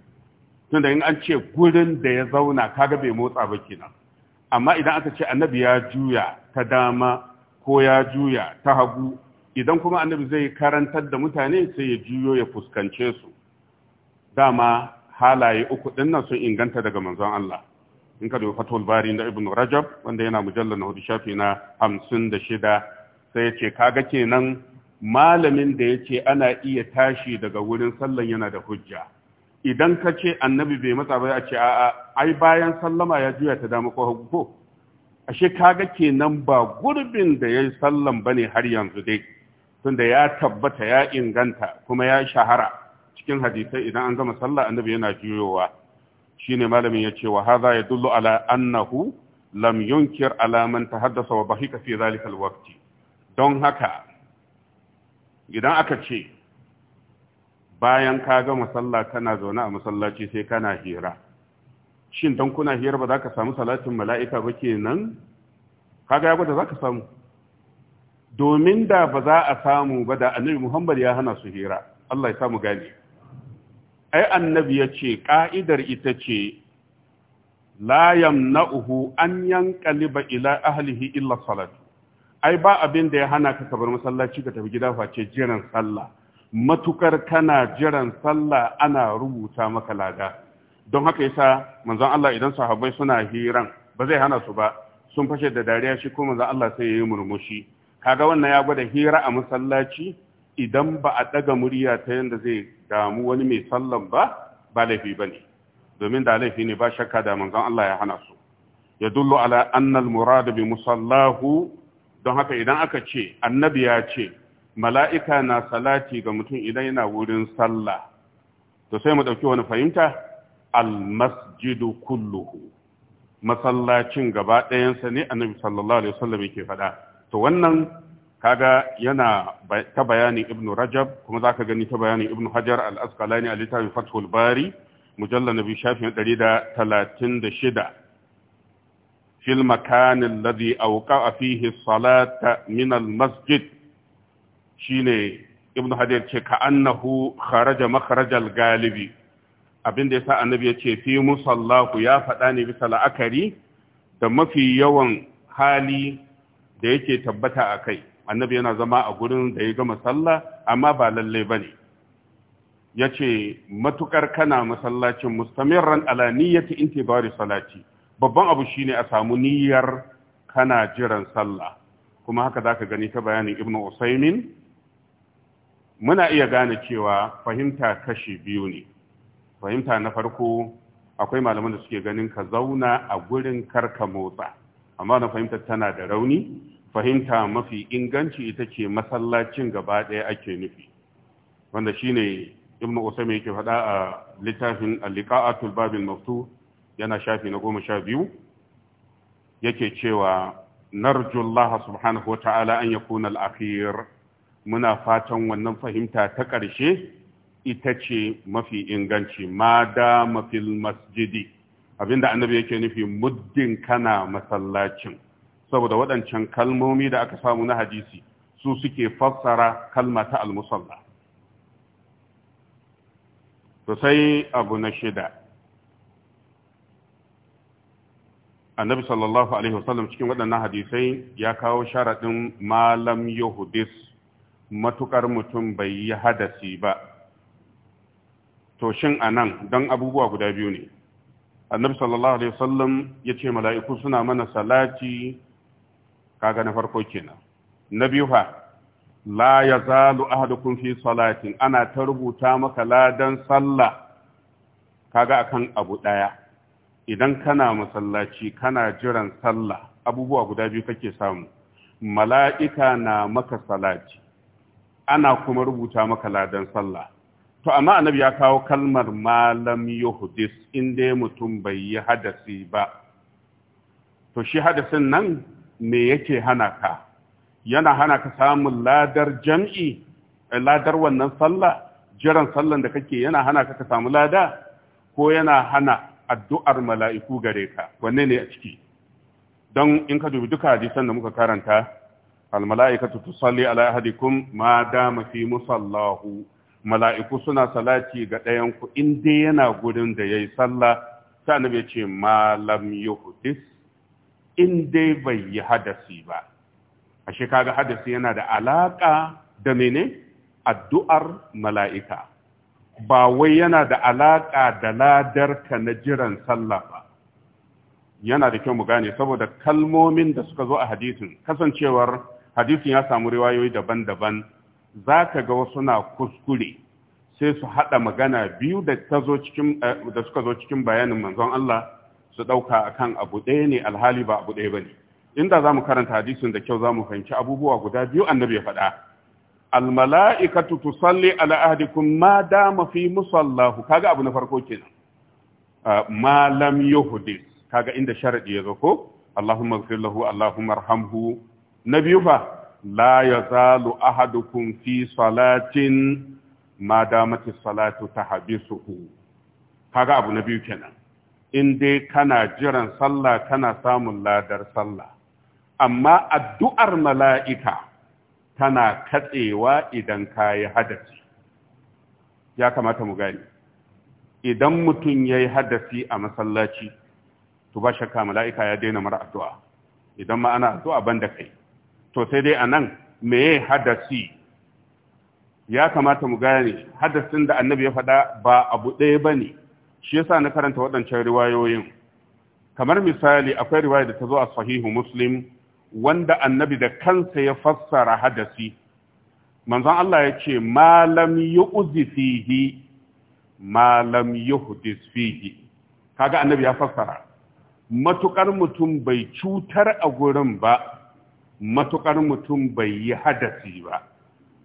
tunda in an ce gurin da ya zauna kaga bai motsa ba kenan amma idan aka ce annabi ya juya ta dama ko ya juya ta hagu idan kuma annabi zai karantar da mutane sai ya juyo ya fuskance su dama halaye uku din nan sun inganta daga manzon Allah in ka dubi fatul bari da ibnu rajab wanda yana mujallal na hudu shafi na 56 sai ya ce kaga kenan malamin da ya ce ana iya tashi daga wurin sallan yana da hujja idan ka ce annabi bai matsa ba a ce a'a ai bayan sallama ya juya ta dama ko hagu ko ashe kaga kenan ba gurbin da ya yi sallan ne har yanzu dai tunda ya tabbata ya inganta kuma ya shahara cikin hadisai idan an gama sallah annabi yana juyowa shine malamin ya ce wa hadha yadullu ala annahu lam yunkir ala man tahaddasa wa bahika fi zalika alwaqti don haka idan aka ce bayan ka ga masalla kana zaune a masallaci sai kana hira shin dan kuna hira ba za ka samu salatin mala'ika ba kenan kaga ya gwada za ka samu domin da ba za a samu ba da annabi muhammad ya hana su hira Allah ya samu gane ai annabi ya ce ka'idar ita ce la yamna'uhu an yanqaliba ila ahlihi illa salatu ai ba abin da ya hana ka kabar masallaci ka tafi gida face jiran sallah matukar kana jiran sallah ana rubuta maka lada don haka yasa manzon Allah idan sahabbai suna hiran ba zai hana su ba sun fashe da dariya shi ko manzon Allah sai yi murmushi kaga wannan ya gwada hira a masallaci idan ba a daga murya ta yanda zai damu wani mai sallan ba ba laifi bane domin da laifi ne ba shakka da manzon Allah ya hana su ya dullu ala annal murad bi musallahu don haka idan aka ce annabi ya ce mala'ika na salati ga mutum idan yana wurin sallah to sai mu ɗauki wani fahimta almasjidu kulluhu masallacin gaba ɗayansa ne annabi sallallahu alaihi wasallam yake faɗa to wannan kaga yana ta bayanin ibnu rajab kuma zaka gani ta bayanin ibnu hajar al-asqalani a littafin fathul bari mujalla na shafin ɗari da talatin da shida fil makanin ladhi auqa fihi salata min al-masjid shine ibn hajar ce ka annahu kharaja makharajal galibi abin da yasa annabi yace fi musallahu ya faɗa ne bisa la'akari da mafi yawan hali da yake tabbata a kai annabi yana zama a gurin da ya gama sallah amma ba lalle bane yace matukar kana masallacin mustamirran ala niyyati intibari salati babban abu shine a samu niyyar kana jiran sallah kuma haka zaka gani ta bayanin ibnu usaimin muna iya gane cewa fahimta kashi biyu ne fahimta na farko akwai malaman da suke ganin ka zauna a gurin karka motsa amma na fahimtar tana da rauni fahimta mafi inganci ita ce masallacin gaba ɗaya ake nufi wanda shine ibnu usaymi yake faɗa a littafin al babil maftu yana shafi na goma sha biyu yake cewa narju Allah subhanahu wa ta'ala an yakuna al-akhir muna fatan wannan fahimta ta ƙarshe ita ce mafi inganci ma da mafil masjidi abinda annabi yake nufi muddin kana masallacin saboda waɗancan kalmomi da aka samu na hadisi su suke fassara kalma ta almusalla to sai abu na shida annabi sallallahu alaihi wasallam cikin waɗannan hadisai ya kawo sharaɗin malam yahudis matukar mutum bai yi hadasi ba to shin anan don abubuwa guda biyu ne annabi sallallahu alaihi wasallam ya ce mala'iku suna mana salati kaga na farko kenan na biyu fa la ya yazalu ahadukum fi salatin ana ta rubuta maka ladan sallah kaga akan abu ɗaya. idan kana masallaci kana jiran sallah abubuwa guda biyu kake samu mala'ika na maka salati ana kuma rubuta maka ladan sallah to amma annabi ya kawo kalmar malam yuhdis in dai mutum bai yi hadasi ba to shi hadasin nan me yake hana ka yana hana ka samun ladar jam'i eh, ladar wannan sallah jiran sallan da kake yana hana ka ka samu lada ko yana hana addu'ar mala'iku gare ka wanne ne a ciki don in ka dubi duka hadisan da muka karanta almala'ikatu tusalli ala ahadikum ma dama fi musallahu mala'iku suna salati ga ɗayan ku in dai yana gurin da yayi sallah sai annabi ya ce ma lam yuhdis in dai bai yi hadasi ba ashe kaga hadasi yana da alaka da mene addu'ar mala'ika ba wai yana da alaƙa da ladarka na jiran sallah ba yana da kyau mu gane saboda kalmomin da suka zo a hadisin kasancewar hadisin ya samu riwayoyi daban-daban za ka ga wasu na kuskure sai su haɗa magana biyu da eh, suka zo cikin bayanin manzon Allah su ɗauka akan abu ɗaya ne alhali ba abu ɗaya ba ne inda za mu karanta hadisin da kyau za mu fahimci abubuwa guda biyu annabi ya faɗa almala'ikatu salli ala ahdikum ma dama fi musallahu kaga abu na farko kenan ah, Malam lam ka kaga inda sharadi ya zo ko Allahumma ighfir lahu Allahumma arhamhu na biyu fa la yazalu ahadukum fi salatin ma damati salatu tahbisuhu kaga abu na biyu kenan in dai kana jiran sallah kana samun ladar sallah amma addu'ar mala'ika tana katsewa idan ka yi hadasi ya kamata mu gani idan mutum ya yi hadasi a masallaci to ba shakka mala'ika ya daina mara addu'a idan ma ana addu'a ban da kai to sai dai anan meye hadasi ya kamata mu gane hadasin da annabi ya faɗa ba abu ɗaya ba ne shi yasa na karanta waɗancan riwayoyin kamar misali akwai riwaya da ta zo a sahihu muslim wanda annabi da kansa ya fassara hadasi manzon Allah ya ce malam yu'zi fihi malam yuhdis fihi kaga annabi ya fassara matukar mutum bai cutar a gurin ba matuƙar mutum bai yi hadasi ba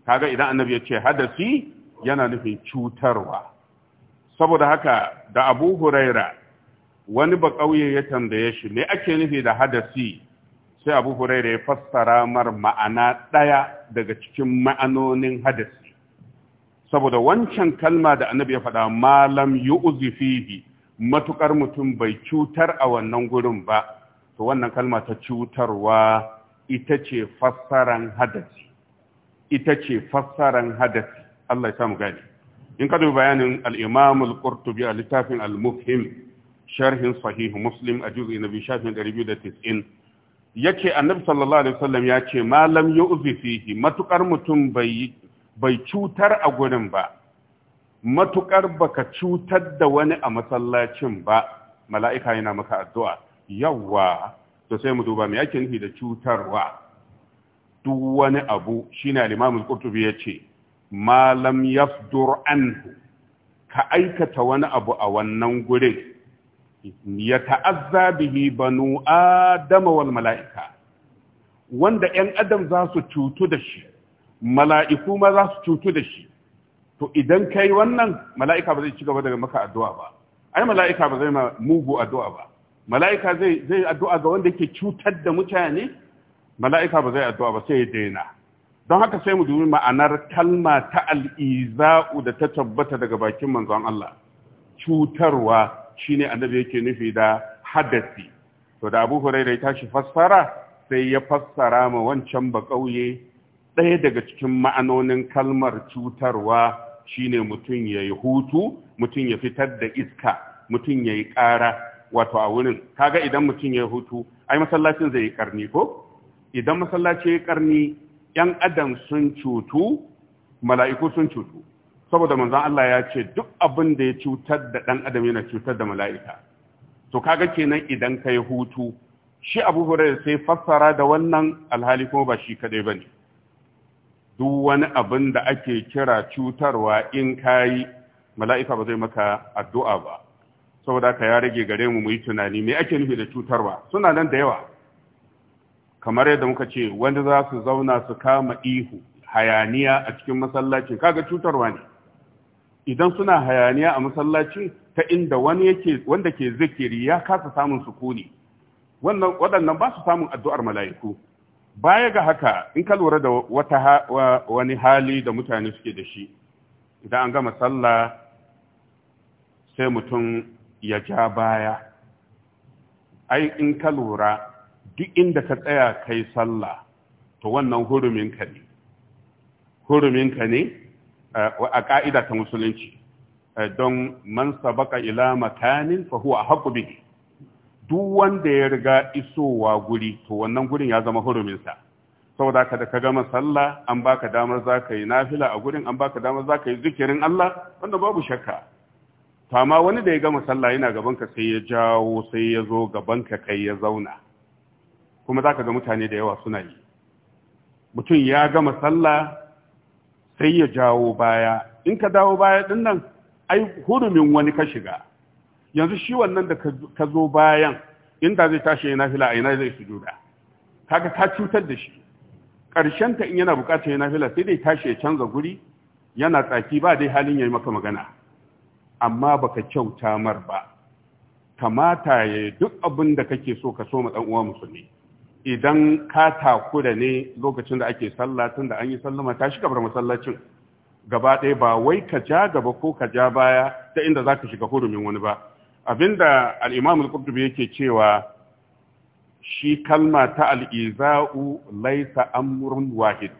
kaga idan annabi ya ce hadasi yana nufin cutarwa saboda haka da abu huraira wani ba ƙauye ya tambaye shi me ake nufi da hadasi sai abu huraira ya fassara mar ma'ana ɗaya daga cikin ma'anonin hadasi saboda wancan kalma da annabi ya faɗa malam yi fihi matukar mutum bai cutar a wannan gurin ba to wannan kalma ta cutarwa ita ce fassaran hadasi ita ce fassaran hadasi Allah ya samu gani in ka dubi bayanin al-Imam al-Qurtubi a littafin al-Mufhim sharhin sahih Muslim a juz'i na 290 yace Annabi sallallahu alaihi wasallam ya ce malam yu'zi fihi matukar mutum bai bai cutar a gurin ba matukar baka cutar da wani a masallacin ba mala'ika yana maka addu'a yawwa to sai mu duba me ake nufi da cutarwa duk wani abu shine al-Imam al-Qurtubi yace ma lam yafdur anhu ka aikata wani abu a wannan gurin ya ta'azza bihi banu adama wal mala'ika wanda ‘yan adam za su cutu da shi mala'iku ma za su cutu da shi to idan kai wannan mala'ika ba zai ci gaba da maka addu'a ba ai mala'ika ba zai ma mugu addu'a ba mala'ika zai yi addu'a ga wanda ke cutar da mutane mala'ika ba zai addu'a ba sai ya daina don haka sai mu dubi ma'anar kalma ta al'iza'u da ta tabbata daga bakin manzon Allah cutarwa shi ne annabi yake nufi da hadasi to da Abu daidai ya tashi fassara sai ya fassara ma wancan ba ƙauye ɗaya daga cikin ma'anonin kalmar cutarwa shi ne mutum ya yi hutu mutum ya fitar da iska mutum ya yi ƙara wato a wurin kaga idan mutum ya hutu ai masallacin zai yi karni ko idan masallaci ya karni yan adam sun cutu mala'iku sun cutu saboda manzon Allah ya ce duk abin da ya cutar da dan adam yana cutar da mala'ika to kaga kenan idan ka yi hutu shi Abu Hurairah sai fassara da wannan alhali kuma ba shi kadai bane duk wani abin da ake kira cutarwa in kayi mala'ika ba zai maka addu'a ba saboda haka ya rage gare mu mu yi tunani me ake nufi da cutarwa suna nan da yawa kamar yadda muka ce wanda za su zauna su kama ihu hayaniya a cikin masallacin kaga cutarwa ne idan suna hayaniya a masallacin ta inda wani yake wanda ke zikiri ya kasa samun sukuni wannan waɗannan ba su samun addu'ar mala'iku baya ga haka in ka lura da wata wani hali da mutane suke da shi idan an gama sallah sai mutum ya ja baya ai in ka lura duk inda ka tsaya kai sallah to wannan huruminka ne huruminka ne eh, a ƙa'ida ta musulunci eh, don man sabaka ila makanin fahuwa a haƙu bihi duk wanda ya riga isowa guri to wannan gurin ya zama huruminsa saboda ka da ka gama sallah an baka damar za ka yi nafila a gurin an baka damar za ka yi zikirin Allah wanda babu shakka to amma wani da ya gama sallah yana gaban ka sai ya jawo sai ya zo gaban ka kai ya zauna kuma zaka ga mutane da yawa suna yi mutum ya gama sallah sai ya jawo baya in ka dawo baya din nan ai hurumin wani ka shiga yanzu shi wannan da ka zo bayan inda zai tashi yana fila a yana zai sujuda kaga ka cutar da shi ƙarshen ta in yana bukatar yana fila sai dai tashi ya canza guri yana tsaki ba dai halin ya yi maka magana amma baka kyauta mar ba kamata ya duk abin da kake so ka so ma dan uwa musulmi idan ka da ne lokacin da ake sallah tun da an yi sallama ta shiga bar masallacin gaba ɗaya ba wai ka ja gaba ko ka ja baya ta inda za ka shiga hurumin wani ba abinda al'imamul qurtubi yake cewa shi kalma ta al'iza'u laisa amrun wahid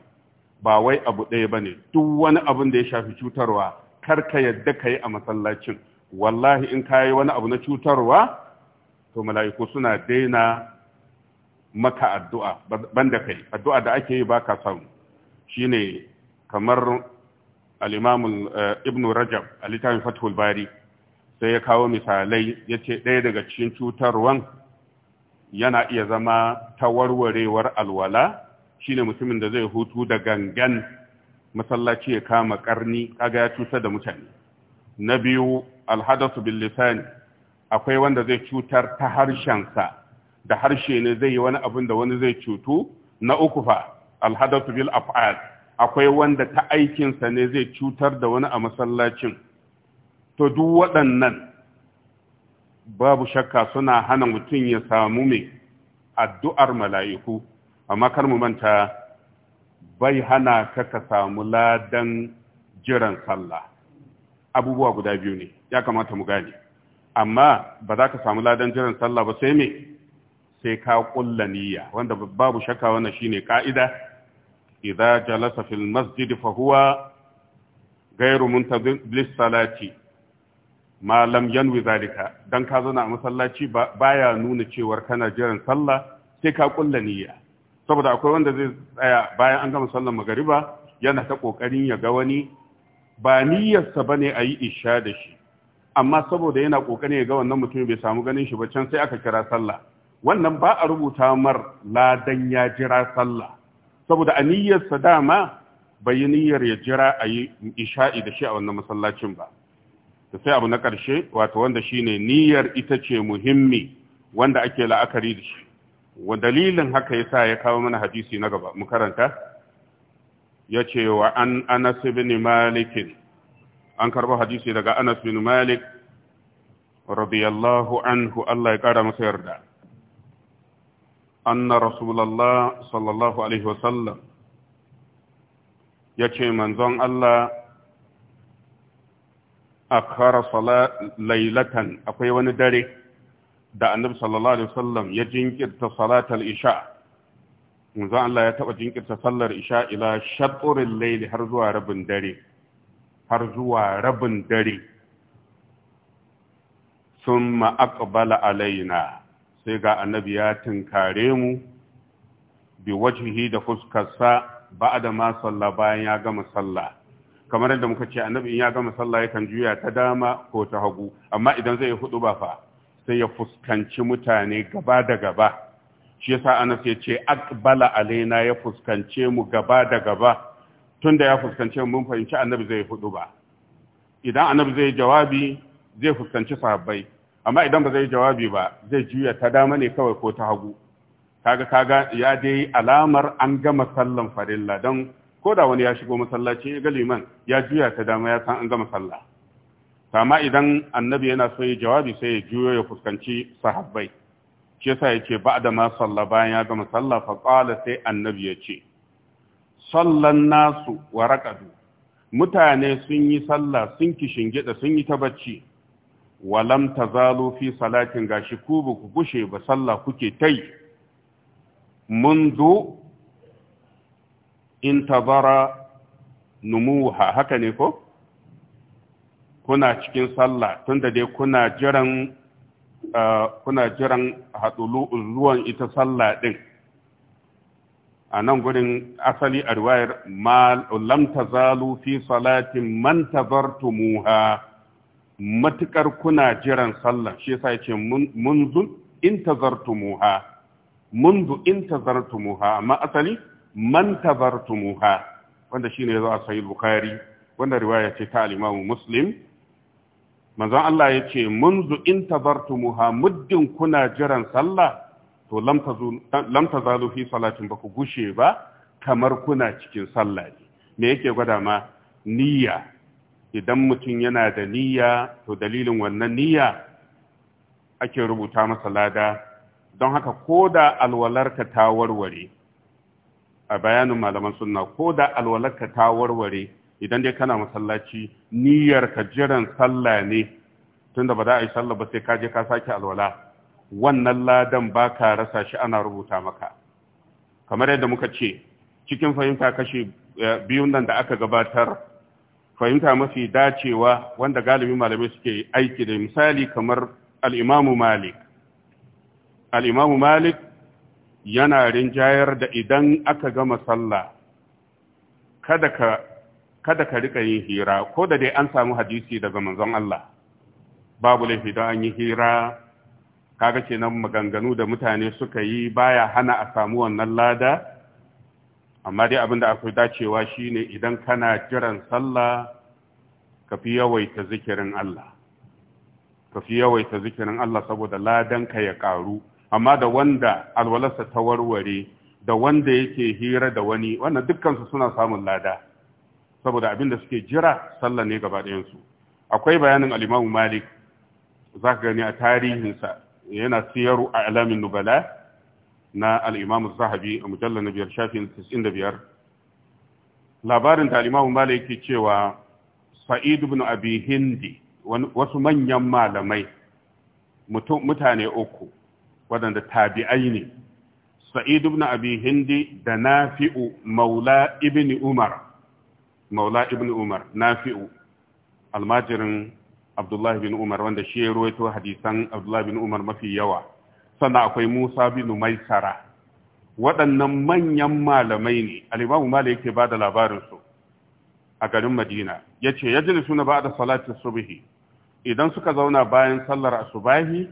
ba wai abu ɗaya ba ne duk wani abin da ya shafi cutarwa kar ka yadda ka yi a masallacin wallahi in ka yi wani abu na cutarwa to mala'iku suna daina maka addu'a banda kai addu'a da ake yi baka samu shine kamar al eh, ibn rajab a littafin fathul bari sai ya kawo misalai ya ce ɗaya daga cikin cutarwan yana iya zama ta warwarewar alwala shine mutumin da zai hutu da gangan masallaci ya kama karni kaga ya cutar da mutane na biyu alhadasu bil lisani akwai wanda zai cutar ta harshensa da harshe ne zai yi wani abin da wani zai cutu na uku fa alhadasu bil af'al akwai wanda ta aikinsa ne zai cutar da wani a masallacin to duk waɗannan babu shakka suna hana mutum ya samu mai addu'ar mala'iku amma kar mu manta bai hana ka ka samu ladan jiran sallah abubuwa guda biyu ne ya kamata mu gane amma ba za ka samu ladan jiran sallah ba sai me sai ka kulla niyya wanda babu shakka wannan shine ka'ida idza jalasa fil masjid fa huwa ghairu lis salati ma lam yanwi zalika dan ka zauna a masallaci baya nuna cewar kana jiran sallah sai ka kulla niyya saboda akwai wanda zai tsaya bayan an gama sallar magariba yana ta kokarin ya ga wani ba niyyarsa bane a yi isha da shi amma saboda yana kokarin ya ga wannan mutum bai samu ganin shi ba can sai aka kira sallah wannan ba a rubuta mar ladan ya jira sallah saboda a niyyarsa dama bai yi niyyar ya jira a yi isha'i da shi a wannan masallacin ba da sai abu na karshe wato wanda shine niyyar ita ce muhimmi wanda ake la'akari da shi wa dalilin haka sa ya kawo mana hadisi na gaba mu karanta yace wa an Anas Malik an karbo hadisi daga Anas ibn Malik radiyallahu anhu Allah ya kara masa yarda anna rasulullah sallallahu alaihi wasallam yace manzon Allah akhara salat akwai wani dare da annabi sallallahu alaihi wasallam ya jinkirta salatal isha manzo Allah ya taba jinkirta sallar isha ila shatrul layli har zuwa rabin dare har zuwa rabin dare summa aqbala alaina sai ga annabi ya tinkare mu bi wajhihi da fuskarsa ba'da ma salla bayan ya gama sallah kamar yadda muka ce annabi in ya gama sallah yakan juya ta dama ko ta hagu amma idan zai hudu ba fa sai ya fuskanci mutane gaba da gaba shi yasa Anas ya ce aqbala alaina ya fuskance mu gaba da gaba tunda ya fuskance mun fahimci annabi zai hudu ba idan annabi zai jawabi zai fuskanci sahabbai amma idan ba zai jawabi ba zai juya ta dama ne kawai ko ta hagu kaga kaga ya dai alamar an gama sallan farilla don ko da wani ya shigo masallaci ya ga liman ya juya ta dama ya san an gama sallah amma idan annabi yana so ya jawabi sai ya juyo ya fuskanci sahabbai shi yasa yace da ma salla bayan ya gama salla fa qala sai annabi ya ce sallan nasu wa raqadu mutane sun yi sallah sun kishingida sun yi ta bacci Walamta tazalu fi salatin gashi ku bu ku gushe ba sallah kuke tai منذ numuha haka ne ko? kuna cikin sallah tunda dai kuna jiran eh, kuna jiran haɗulu zuwan ita sallah din? a nan gurin asali a riwayar lam tazalu fi salatin man tazartumuha matukar kuna jiran sallah shi yasa yace munzu in munzu in amma asali man tazartumuha wanda shine yazo a sahih bukhari wanda riwaya ce ta al muslim manzon Allah ya ce munzu in tabartumuha muddin kuna jiran sallah to lam tazalu fi salatin ku gushe ba kamar kuna cikin sallah ne me yake gwada ma niyya idan mutum yana da niyya to dalilin wannan niyya ake rubuta masa lada don haka ko da alwalarka ta warware a bayanin malaman sunna ko da alwalarka ta warware idan dai kana masallaci niyyar ka jiran sallah ne tunda ba za a yi sallah ba sai ka je ka sake alwala wannan ladan ba ka rasa shi ana rubuta maka kamar yadda muka ce cikin fahimta kashi eh, biyun nan da aka gabatar fahimta mafi dacewa wanda galibi malamai suke aiki da misali kamar al'imamu malik al'imamu malik yana rinjayar da idan aka gama sallah kada ka kada ka rika yin hira ko da dai an samu hadisi daga manzon Allah babu laifi don an yi hira kaga kenan maganganu da mutane suka yi baya hana a samu wannan lada amma dai abin da akwai dacewa shine idan kana jiran sallah ka fi yawaita zikirin Allah ka fi yawaita zikirin Allah saboda ladan ka ya karu amma da wanda alwalarsa ta warware da wanda yake hira da wani wannan dukkan su suna samun lada saboda abin da suke jira sallah ne gaba ɗayansu akwai bayanin alimamu malik za ka gani a tarihinsa yana siyar a alamin nubala na al'imamu zahabi a mujallar na biyar shafin 95 labarin da alimamu malik ke cewa sa'id ibn abi hindi wasu manyan malamai mutane uku waɗanda tabi'ai ne sa'id ibn abi hindi da nafi'u maula ibn umar maula ibn umar nafi'u almajirin abdullahi bin umar wanda shi ya ruwaito hadisan abdullahi bin umar mafi yawa sannan akwai musa bin maisara waɗannan manyan malamai ne alimamu malik yake ba da labarinsu a garin madina ya ce ya jini suna ba da salatin subihi idan suka zauna bayan sallar asubahi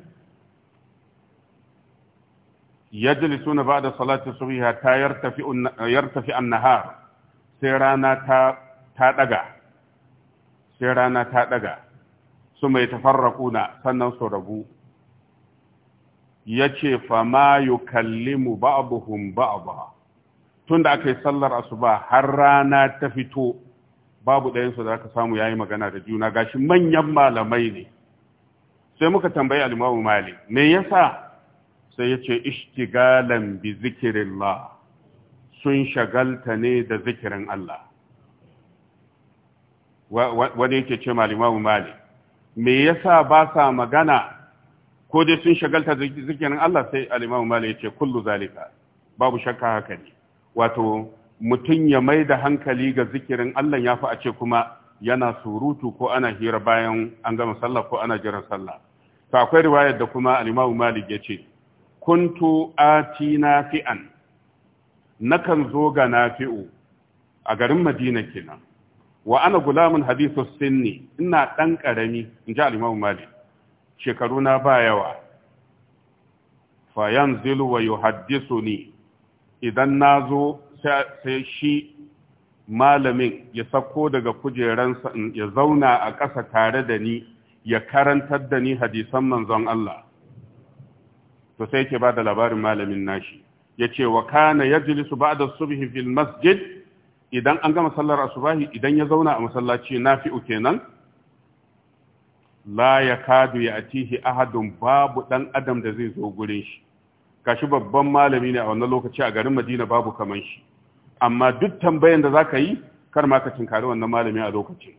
yajlisuna ba'da salati subhi hatta yartafi an-nahar sai rana ta ta ɗaga sai rana ta ɗaga su mai tafarraƙuna sannan su rabu ya ce fama yi kallimu ba'abuhun tunda tun da aka yi sallar asuba har rana ta fito babu ɗayansu da aka samu ya yi magana da juna gashi manyan malamai ne sai muka tambayi alimawu mali me yasa sai ya ce ishtigalan bi Allah? sun shagalta ne da zikirin Allah Wani yake ce malimamu mali me yasa ba sa magana ko dai sun shagalta zikirin Allah sai alimamu mali ce kullu zalika babu shakka haka ne wato mutum ya mai da hankali ga zikirin Allah ya fi a ce kuma yana surutu ko ana hira bayan an gama sallah ko ana jiran sallah to akwai riwayar da kuma Alimawu mali ya ce, kuntu ati fi'an nakan zo ga nafi'u a garin Madina kenan wa ana gulamin hadithu sinni ina ɗan karami in ji al-imam malik shekaru na ba yawa fa yanzilu wa yuhaddisuni idan nazo sai shi malamin ya sako daga kujeransa ya zauna a ƙasa tare da ni ya karantar da ni hadisan manzon Allah to sai ke ba da labarin malamin nashi ya ce wa kana yajlisu ba'da subhi fil masjid idan an gama sallar asubahi idan ya zauna a masallaci nafi'u kenan la ya kadu ya atihi ahadun babu dan adam da zai zo gurin shi kashi babban malami ne a wannan lokaci a garin Madina babu kaman shi amma duk tambayan da zaka yi kar ma ka tinkari wannan malami a lokacin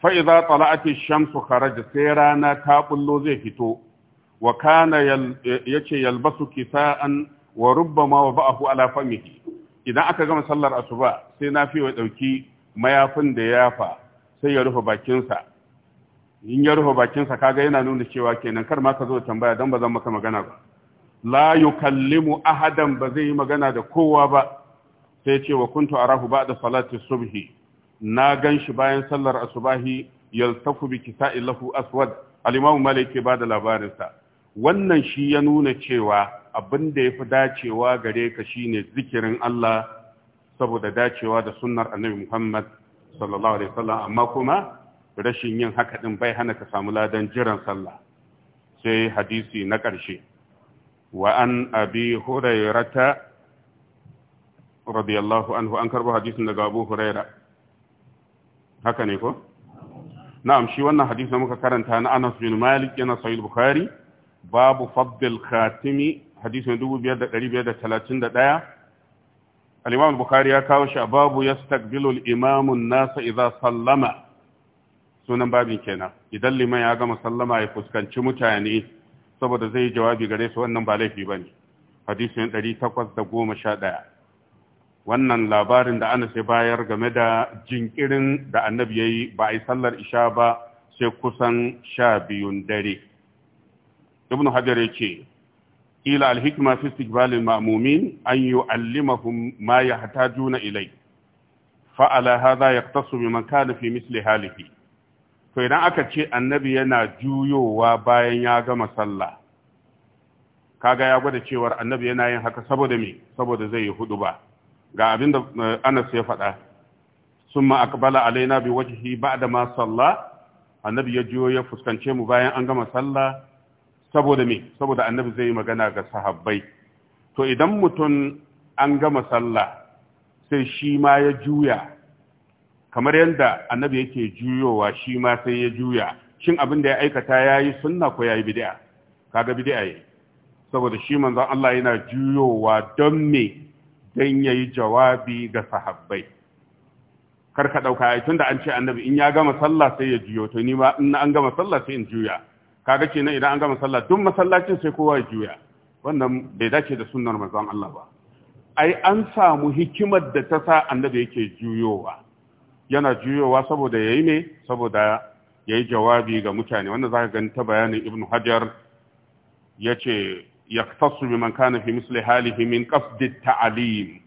fa idza tala'ati shamsu kharaja sai rana ta bullo zai fito wa kana yace yalbasu kisa'an wa rubbama wa ba'ahu ala famihi idan aka gama sallar asuba sai na fi ɗauki mayafin da ya yafa sai ya rufe bakinsa in ya rufe bakinsa kaga yana nuna cewa kenan kar ma ka zo tambaya don ba zan maka magana ba la yukallimu ahadan ba zai yi magana da kowa ba sai ce wa kuntu arahu ba'da salati subhi na gan shi bayan sallar asubahi yaltafu bi kisa'i lahu aswad al-imam malik ba da labarinsa wannan shi ya nuna cewa abin da ya fi dacewa gare ka shine zikirin Allah saboda dacewa da sunnar annabi Muhammad sallallahu alaihi wasallam amma kuma rashin yin haka din bai hana ka samu ladan jiran sallah sai hadisi na ƙarshe wa an abi hurairata radiyallahu anhu an karbo hadisin daga abu huraira haka ne ko na'am shi wannan hadisi muka karanta na Anas bin Malik yana sahih Bukhari babu fadl khatimi hadisin 2531 al-imam bukhari ya kawo shi a babu yastaqbilu al-imamu an-nasa Iza sallama sunan babin kenan idan liman ya gama sallama ya fuskanci mutane saboda zai jawabi gare su wannan ba laifi bane hadisin 811 wannan labarin da ana ya bayar game da jinkirin da annabi yayi ba a yi sallar isha ba sai kusan sha biyun dare ibn hajar yake ila alhikma fi istiqbalil ma'mumin an yu'allimahum ma yahtajuna ilay fa ala hadha yaqtasu biman kana fi misli halihi to idan aka ce annabi yana juyowa bayan ya gama sallah kaga ya gwada cewar annabi yana yin haka saboda me saboda zai yi hudu ba ga abinda da eh, Anas ya faɗa summa aqbala alaina bi wajhi ba'da ma salla annabi ya juyo ya fuskance mu bayan an gama sallah saboda me saboda annabi zai yi magana ga sahabbai to idan mutum an gama sallah sai shi ma ya juya kamar yadda annabi yake juyowa shi ma sai ya juya shin abin da ya aikata ya yi sunna ko ya yi bid'a kaga bid'a yi saboda shi manzon Allah yana juyowa don me don ya yi jawabi ga sahabbai kar ka ɗauka tun da an ce annabi in ya gama sallah sai ya juyo to ni ma in an gama sallah sai in juya kaga kenan idan an gama sallah duk masallacin sai kowa ya juya wannan bai dace da sunnar manzon Allah ba ai an samu hikimar da ta sa annabi yake juyowa yana juyowa saboda yayi ne saboda yayi jawabi ga mutane wannan zaka gani ta bayanin Ibn Hajar yace yaktasu biman kana fi misli halihi min qasd talim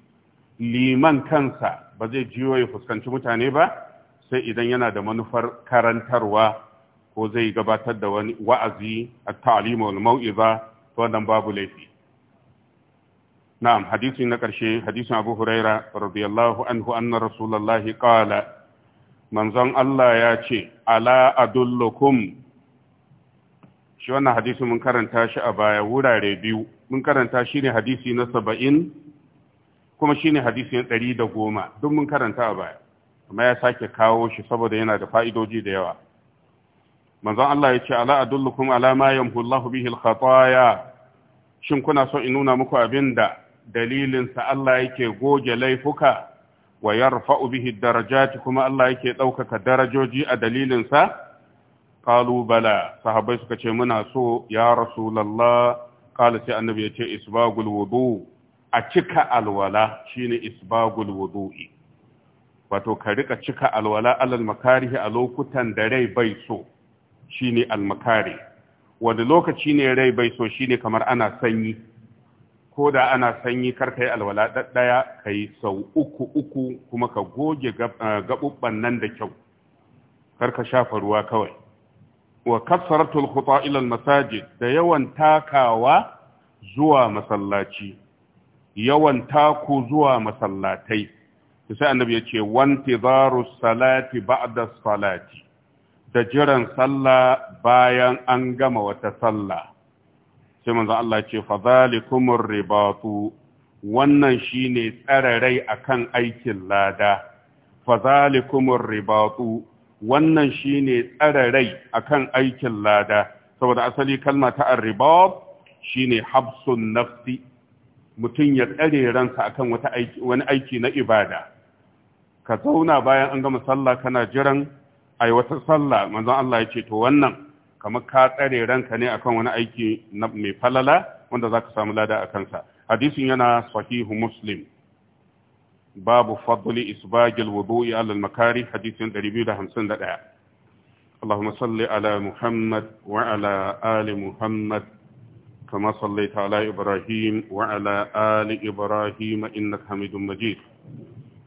liman kansa ba zai juyo ya fuskanci mutane ba sai idan yana da manufar karantarwa ko zai gabatar da wani wa'azi a talim ma’u’i mau'iza ta wannan babu laifi na'am hadisi na ƙarshe, hadisin Abu Huraira radiyallahu anhu anna Rasulullahi qala manzon Allah ya ce ala adullukum shi wannan hadisi mun karanta shi a baya wurare biyu mun karanta shi ne hadisi na saba'in kuma shi ne hadisi na ɗari da goma duk mun karanta a baya amma ya sake kawo shi saboda yana da fa'idoji da yawa manzon Allah ya ce ala adullukum ala ma yamhu bihi al shin kuna so in nuna muku abinda dalilin sa Allah yake goge laifuka wa yarfa'u bihi darajati kuma Allah yake ɗaukaka darajoji a dalilin sa qalu bala sahabbai suka ce muna so ya rasulullah qala sai annabi ya ce isbagul wudu a cika alwala shine isbagul wudu'i wato ka rika cika alwala alal makarihi a lokutan da rai bai so shine almakare. wanda lokaci ne rai bai so shine kamar ana sanyi ko da ana sanyi kar ka yi alwala ɗaya ka yi sau uku uku kuma ka goge eh, gaɓuɓɓan nan da kyau kar ka shafa ruwa kawai wa kasaratul khuta ila masajid da yawan takawa zuwa masallaci yawan taku zuwa masallatai sai annabi ya ce wantizaru salati ba'da salati da jiran sallah bayan an gama wata sallah sai manzo Allah ce fa zalikumur ribatu wannan shine tsararai akan aikin lada fa zalikumur ribatu wannan shine tsararai akan aikin lada saboda asali kalma ta arribat shine habsun nafsi mutum ya tsare ransa akan wata aiki wani aiki na ibada ka zauna bayan an gama sallah kana jiran ai wata sallah manzon Allah ya ce to wannan kamar ka tsare ranka ne akan wani aiki mai falala wanda zaka samu lada a kansa hadisin yana sahihu muslim babu fadli isbagil wudu'i ala al-makari hadisin 251 اللهم صل على محمد وعلى ali Muhammad كما صليت على إبراهيم وعلى آل إبراهيم إنك حميد مجيد